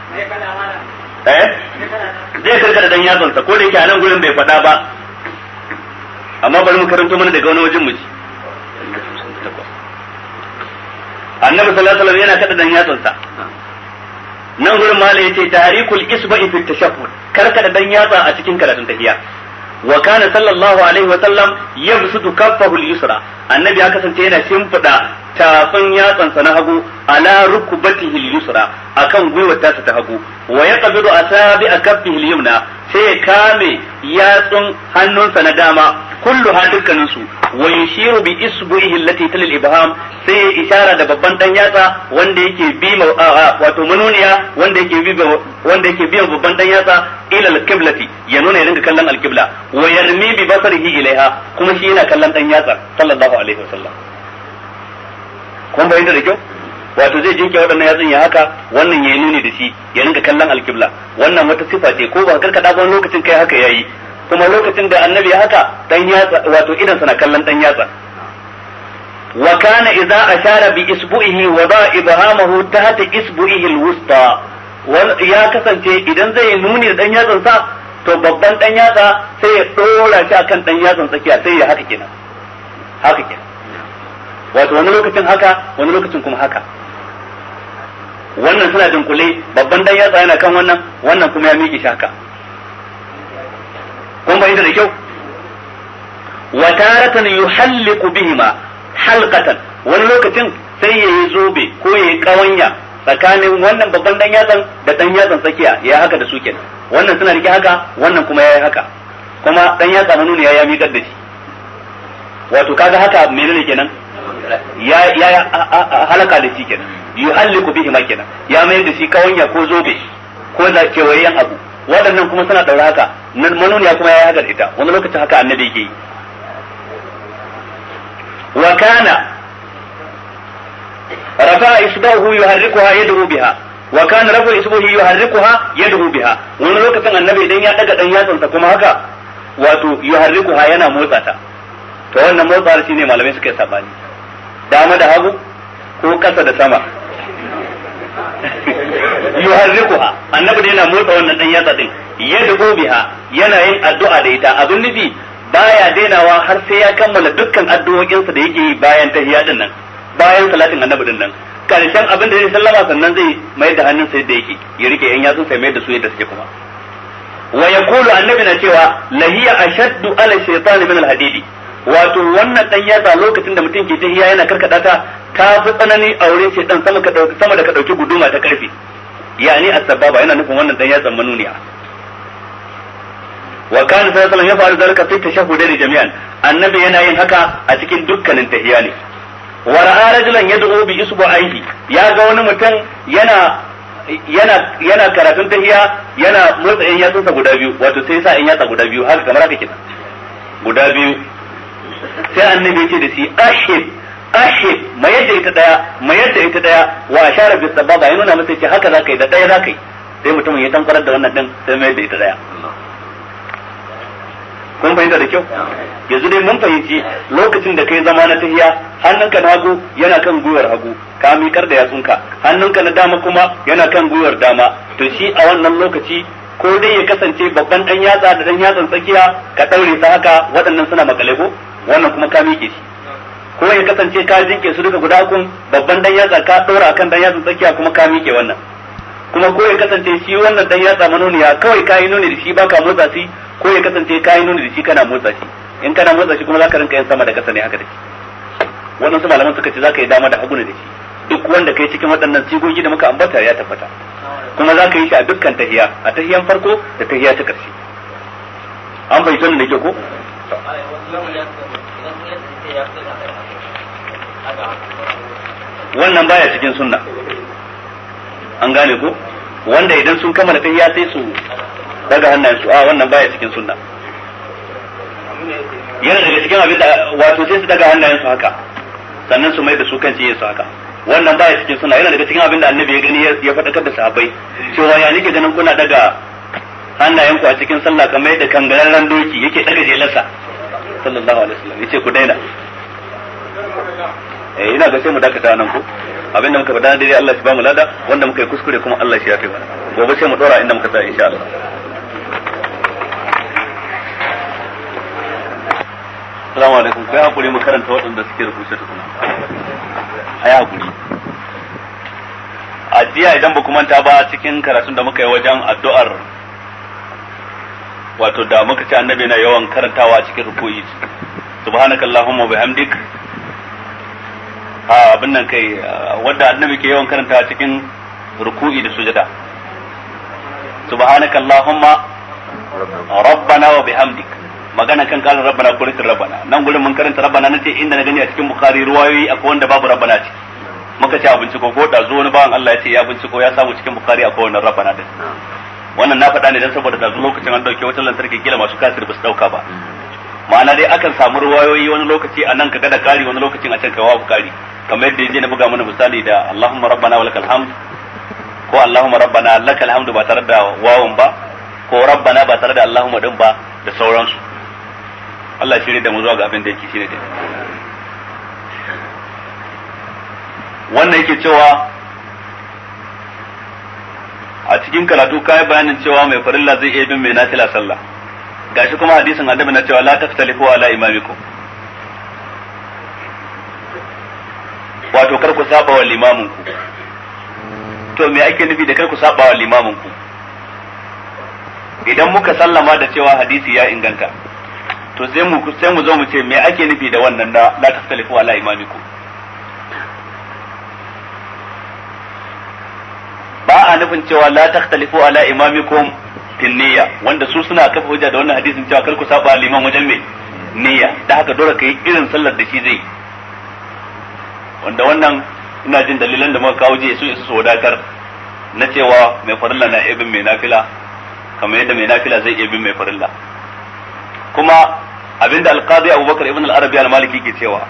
eh zai karkata dan yatsa ko da yake a nan gurin bai faɗa ba amma bari mu karanto mana daga wani wajen muji annabi sallallahu alaihi wasallam yana kada dan yatsansa nan gurin malai yace tarikul isba'i fi tashahhud karkada dan yatsa a cikin karatun tahiyya wa kana sallallahu alaihi wa sallam yabsutu kaffahu al-yusra annabi ya kasance yana shimfida tafin sa na hagu ala rukubatihi al-yusra akan gwiwar tasa ta hagu wa yaqbidu asabi akaffihi al-yumna sai ya kame yatsun hannunsa na dama kullu ha dukkanin su wa yushiru bi isbu'ihi allati tal al-ibham sai ya isara da babban dan yatsa wanda yake bi wato manuniya wanda yake bi wanda yake biyan babban dan yatsa ila al-qiblati ya nuna ya dinga kallon al-qibla wa yarmi bi basarihi ilaiha kuma shi yana kallon dan yatsa sallallahu alaihi wasallam kun bayyana da kyau wato zai jinke waɗannan yatsun ya haka wannan ya nuni da shi ya rinka kallon alkibla wannan wata sifa ce ko ba karkada ba lokacin kai haka yayi kuma lokacin da annabi ya haka dan yatsa wato idan sana kallon dan yatsa wa kana idza ashara bi isbu'ihi wa da ibhamahu tahta isbu'ihi alwusta ya kasance idan zai yi nuni da dan yatsan sa to babban dan yatsa sai ya dora shi akan dan yatsan tsakiya sai ya haka kenan haka kenan wato wani lokacin haka wani lokacin kuma haka wannan suna dunkule babban dan yatsa yana kan wannan wannan kuma ya miƙe shaka kun bayyana da kyau wa taratan yuhalliqu bihima halqatan wani lokacin sai yayi zobe ko yayi kawanya tsakanin wannan babban dan yatsan da dan yatsan tsakiya ya haka da su kenan wannan suna rike haka wannan kuma yayi haka kuma dan yatsa hannu ne ya miƙar da shi wato kaga haka menene kenan ya ya halaka da shi kenan yuhalliku bihi kenan ya mayar da shi kawanya ko zobe ko da kewayen abu waɗannan kuma suna daura haka manuniya kuma ya hagar ita wani lokacin haka annabi yake yi wa kana rafa isbahu yuharrikuha yadru biha wa kana rafa isbahu yuharrikuha yadru biha wani lokacin annabi idan ya daga dan yatsansa kuma haka wato yuharrikuha yana motsa ta to wannan shi ne malamai suka yi sabani dama da hagu ko kasa da sama yuharrikuha annabi yana motsa wannan dan yatsa din yad'u biha yana yin addu'a da ita abin nufi baya dainawa har sai ya kammala dukkan addu'o'insa da yake yi bayan tahiyya din nan bayan salatin annabi din nan karshen abin da zai sallama sannan zai mai da hannun sai da yake ya rike yan yatsun sai mai da su yadda suke kuma wa yaqulu annabi na cewa lahiya ashaddu ala shaytan min al-hadidi wato wannan dan yatsa lokacin da mutum ke tahiya yana karkada ta ta fi tsanani a wurin shi dan sama ka dauki sama da ka dauki guduma ta karfe yani as-sababa yana nufin wannan dan yatsan manuniya wa kan sallallahu alaihi wasallam ya faru zalika fi da jami'an annabi yana yin haka a cikin dukkanin tahiya ne wa ra'a rajulan yad'u bi isbu'aihi ya ga wani mutum yana yana yana karatun tahiya yana motsa in yatsa guda biyu wato sai sa in yatsa guda biyu haka kamar haka kina guda biyu sai annabi ce da shi ashid ashid mayar da ita daya mayar da ita daya wa ashara bi sababa ya nuna masa ce haka zakai da daya zakai sai mutumin ya tankarar da wannan din sai mayar da ita daya kun fahimta da kyau yanzu dai mun fahimci lokacin da kai zama na tahiya hannunka na hagu yana kan gwiwar hagu ka kar da yatsunka hannunka na dama kuma yana kan gwiwar dama to shi a wannan lokaci ko dai ya kasance babban dan yatsa da dan yatsan tsakiya ka daure ta haka waɗannan suna makale ko wannan kuma ka miƙe shi ko ya kasance ka jinke su duka guda kun babban dan yatsa ka ɗora akan dan yatsa tsakiya kuma ka miƙe wannan kuma ko ya kasance shi wannan dan yatsa manoniya kawai ka yi nuni da shi baka motsa shi ko ya kasance ka yi nuni da shi kana motsa shi in kana motsa shi kuma zaka rinka yin sama da kasa ne haka da shi su malaman suka ce zaka yi dama da hagu ne da shi duk wanda kai cikin waɗannan cigogi da muka ambata ya tabbata kuma zaka yi shi a dukkan tahiya a tahiyan farko da tahiya ta ƙarshe an bai sanin da ke ko wannan baya cikin sunna an gane ko wanda idan sun kammala ya sai su daga hannayen su a ah, wannan baya cikin sunna yana daga cikin abin da wato sai su daga hannayen su haka sannan su mai da su kan ciye su haka wannan baya cikin sunna yana daga cikin abin da annabi ya gani ya faɗakar da sahabbai cewa ya nake ganin kuna daga hannayenku a cikin sallah kamar yadda kangararren doki yake daga jelarsa sallallahu alaihi wasallam yace ku daina eh ina ga sai mu dakata nan ko abinda muka faɗa daidai Allah ya ba mu lada wanda muka yi kuskure kuma Allah shi ya fi mana gobe sai mu dora inda muka tsaya insha Allah Assalamu alaikum kai hakuri mu karanta waɗanda suke da ta kuma ai hakuri a jiya idan ba kuma ta ba cikin karatun da muka yi wajen addu'ar wato da muka ci annabi na yawan karantawa a cikin rukuyi subhanaka allahumma bihamdik ha abin nan kai wanda annabi ke yawan karantawa cikin rukuyi da sujada subhanaka allahumma rabbana wa bihamdik magana kan kalin rabbana ko rikin rabbana nan gurin mun karanta rabbana ce inda na gani a cikin bukhari ruwayoyi akwai wanda babu rabbana ciki muka ci a binciko ko da zo wani bawan Allah ya ce ya binciko ya samu cikin bukari akwai wannan rabbana din wannan na faɗa ne dan saboda da lokacin an dauke wutar lantarki kila masu kasir ba su dauka ba ma'ana dai akan samu ruwayoyi wani lokaci a nan ka gada kari wani lokacin a can ka wabu kari kamar yadda yanzu na buga mana misali da Allahumma rabbana wa lakal hamd ko Allahumma rabbana lakal hamd ba tare da wawan ba ko rabbana ba tare da Allahumma din ba da sauransu Allah shi ne da mu zuwa ga abin da yake shi ne da wannan yake cewa a cikin karatu kai bayanin cewa mai farilla zai iya bin mai nafila sallah gashi kuma hadisin annabi na cewa la taftalifu ala imamikum wato kar ku saba wa limamin ku to me ake nufi da kar ku saba wa limamin ku idan muka sallama da cewa hadisi ya inganta to sai mu sai mu zo mu ce me ake nufi da wannan la taftalifu ala imamikum ba a nufin cewa la takhtalifu ala imamikum fil niyya wanda su suna kafa hujja da wannan hadisin cewa kar ku saba liman wajen me niyya da haka dole kai irin sallar da shi zai wanda wannan ina jin dalilan da muka kawo jiya su isu su dakar na cewa mai farilla na ibn mai nafila kamar yadda mai nafila zai iya bin mai farilla kuma abinda alqadi abubakar ibn al-arabi al-maliki ke cewa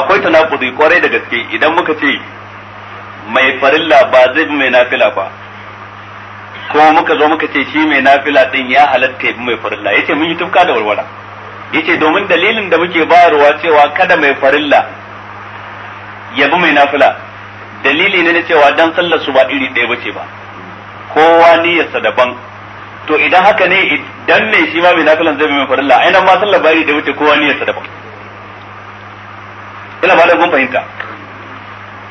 akwai tanaqudi kwarai da gaske idan muka ce mai farilla ba zai bi mai nafila ba ko muka zo muka ce shi mai nafila din ya halatta bi mai farilla yace mun yi tufka da walwala yace domin dalilin da muke bayarwa cewa kada mai farilla ya bi mai nafila dalili ne na cewa dan sallar su ba iri ɗaya bace ba kowa niyyarsa daban to idan haka ne idan ne shi ma mai nafilan zai bi mai farilla ainihin ma sallar ba iri ɗaya bace kowa niyyarsa daban ina ba da kun fahimta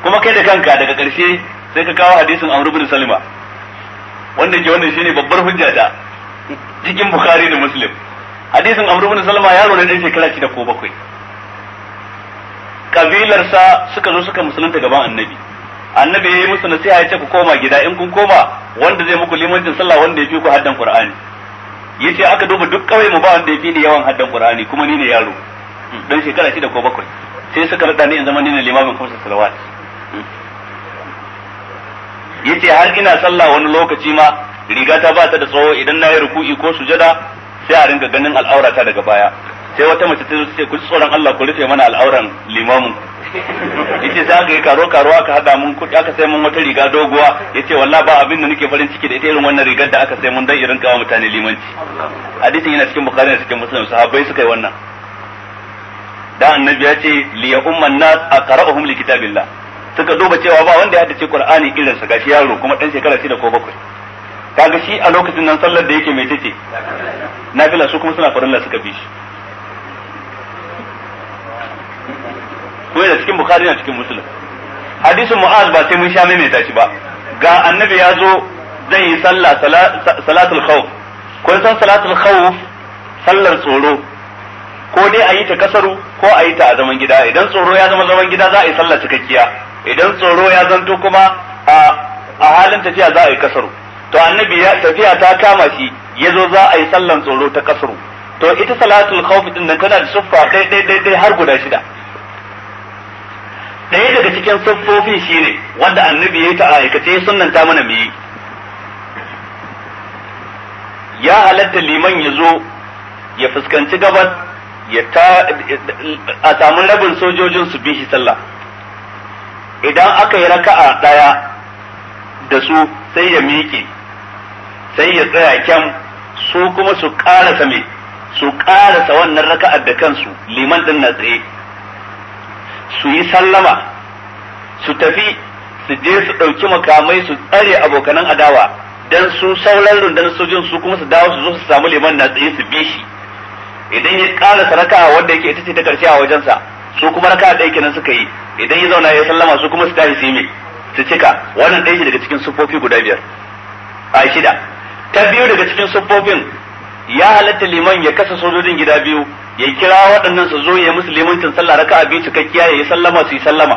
kuma kai da kanka daga ƙarshe sai ka kawo hadisin amru bin Salima wannan ke wannan shine babbar hujja da cikin Bukhari da Muslim hadisin amru bin Salima yaro ne dan shekara da ko bakwai. kabilarsa suka zo suka musulunta gaban annabi annabi ya yi musu nasiha ya ce ku koma gida in kun koma wanda zai muku limancin sallah wanda ya fi ku haddan qur'ani yace aka duba duk kawai mu ba wanda ya fi ni yawan haddan qur'ani kuma ni ne yaro dan shekara shida ko bakwai sai suka rada ni in zama ni ne limamin kuma salawat yace har ina sallah wani lokaci ma riga ta ba ta da tsawo idan na yi ruku'i ko sujada sai a ringa ganin al'aurata daga baya sai wata mace ta ce ku tsoron Allah ku rufe mana al'auran limamin yace sai ka yi karo karo aka hada mun kuɗi aka sai mun wata riga doguwa yace wallahi ba abin da nake farin ciki da ita irin wannan rigar da aka sai mun dan irin kawo mutane limanci hadisin yana cikin bukhari da cikin muslim sahabbai suka yi wannan da annabi ya ce li umman nas aqra'uhum li kitabillah suka duba cewa ba wanda ya dace Qur'ani irin sa gashi yaro kuma dan shekara 6 ko 7 kaga shi a lokacin nan sallar da yake mai tace nafila su kuma suna farin la suka bi shi ko da cikin bukhari na cikin muslim hadisin mu'az ba sai mun sha mai tashi ba ga annabi ya zo zai yi sallah salatul khawf kun san salatul khawf sallar tsoro ko dai a yi ta kasaru ko a yi ta a zaman gida idan tsoro ya zama zaman gida za a yi sallah cikakkiya idan tsoro ya zanto kuma a halin tafiya za a yi kasaru to annabi ya tafiya ta kama shi ya zo za a yi sallan tsoro ta kasaru to ita salatul khawf din nan tana da suffa dai dai dai har guda shida ɗaya daga cikin siffofi shine wanda annabi ya yi ta aikace sunnan ta mana mai ya halatta liman ya zo ya fuskanci gabas ya ta a samu rabin sojojin su bi shi sallah idan aka yi raka'a ɗaya da su sai ya miƙe sai ya tsaya kyan su kuma su ƙarasa mai su ƙarasa wannan raka'ar da kansu liman ɗin na tsaye su yi sallama su tafi su je su ɗauki makamai su tsare abokanan adawa dan su sauran rundunar sojin su kuma su dawo su zo su samu liman na tsaye su bi shi idan ya ƙarasa raka'a wanda yake ita ce ta karshe a wajensa su kuma raka'a ɗaya kenan suka yi idan ya zauna ya sallama su kuma su tafi su yi mai su cika wannan ɗaya shi daga cikin siffofi guda biyar a shida ta biyu daga cikin siffofin ya halatta liman ya kasa sojojin gida biyu ya kira waɗannan su zo ya musu limancin sallah raka raka'a biyu cikakkiya ya yi sallama su yi sallama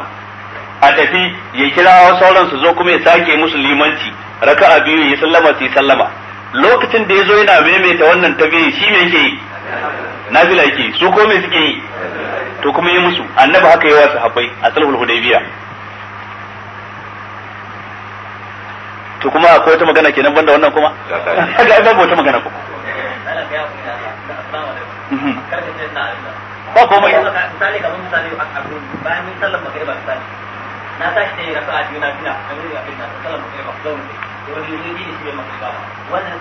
a tafi ya kira sauran su zo kuma ya sake musu limanci raka'a biyu ya yi sallama su yi sallama lokacin da ya zo yana maimaita wannan biyu shi me yake yi nazila yake su ko me suke yi to kuma yi musu annabi haka yawa sahabbai a sulhul hudaybiya to kuma akwai wata magana kenan banda wannan kuma kaga ai babu wata magana kuma mhm. ba komai misali kamar misali a bayan mun sallar magriba misali na tashi da rafa biyu na abin na sallar magriba zaune wani yi ne su magriba wannan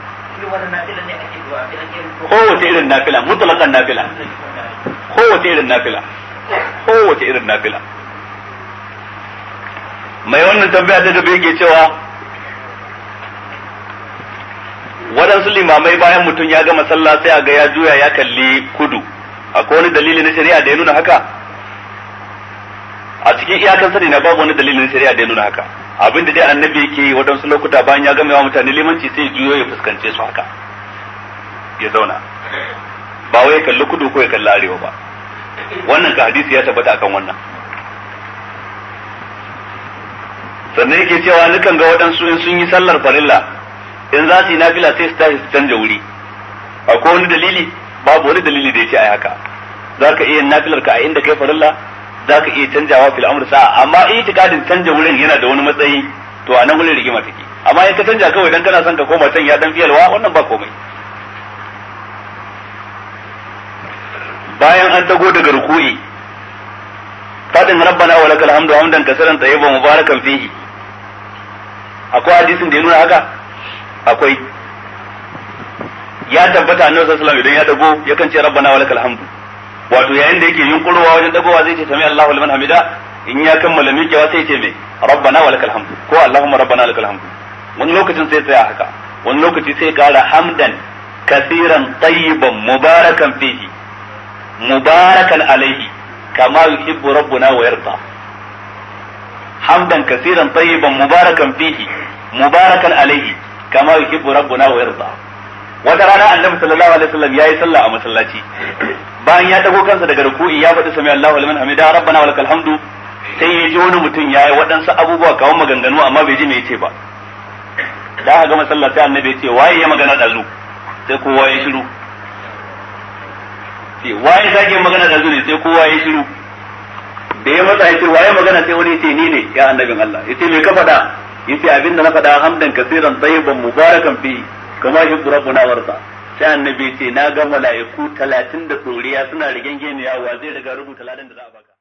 kowace irin nafila mutlaqan nafila kowace irin nafila kowace irin nafila mai wannan tambaya ta dabe yake cewa waɗansu limamai bayan mutum ya gama sallah sai a ga ya juya ya kalli kudu akwai wani dalili na shari'a da ya nuna haka a cikin iyakan sani na babu wani dalilin shari'a da ya nuna haka abin da dai annabi yake yi waɗansu lokuta bayan ya gama yawa mutane limanci sai juyo ya fuskance su haka ya zauna ba wai ya kalli kudu ko ya kalli arewa ba wannan ka hadisi ya tabbata akan wannan sannan yake cewa nukan ga waɗansu in sun yi sallar farilla in za su yi nafila sai su tashi su canja wuri akwai wani dalili babu wani dalili da ya ce yi haka za ka iya nafilar ka a inda kai farilla Za ka iya canjawa fil amr sa'a amma itikadin canja wurin yana da wani matsayi to a nan wurin rigima take amma in ka canja kawai dan kana son ka koma can ya dan fiyalwa wannan ba komai bayan an dago daga ruku'i fadin rabbana wa lakal hamdu hamdan kasaran tayyiban mubarakan fihi akwai hadisin da ya nuna haka akwai ya tabbata annabi sallallahu alaihi wasallam idan ya dago yakan ce rabbana wa lakal hamdu wato yayin da yake yunkurowa wajen dagowa zai ce sami Allahu liman hamida in ya kammala miƙewa sai ce me rabbana wa lakal hamdu ko allahumma rabbana lakal hamdu wani lokacin sai tsaya haka wani lokaci sai kara hamdan kasiran tayyiban mubarakan fihi mubarakan alaihi kama yuhibbu rabbuna wa yarda hamdan kasiran tayyiban mubarakan fihi mubarakan alaihi kama yuhibbu rabbuna wa yarda wata rana annabi sallallahu alaihi wasallam yayi sallah a masallaci bayan ya dago kansa daga ruku'i ya faɗi sami Allahu liman hamida rabbana walakal hamdu sai ya ji wani mutum yayi waɗansu abubuwa kawo maganganu amma bai ji me yace ba da aka gama sallah sai annabi ya ce waye ya magana da zu sai kowa ya shiru sai waye zage magana da zu ne sai kowa ya shiru da ya matsa yace waye magana sai wani ya ce ni ne ya annabin Allah ya ce me ka faɗa ya ce abinda na faɗa hamdan kasiran tayyiban mubarakan fihi kama yuhibbu rabbuna warda sai annabi ce na ga mala'iku talatin da ɗoriya suna rigengeniya wa zai riga rubuta ladan da za a baka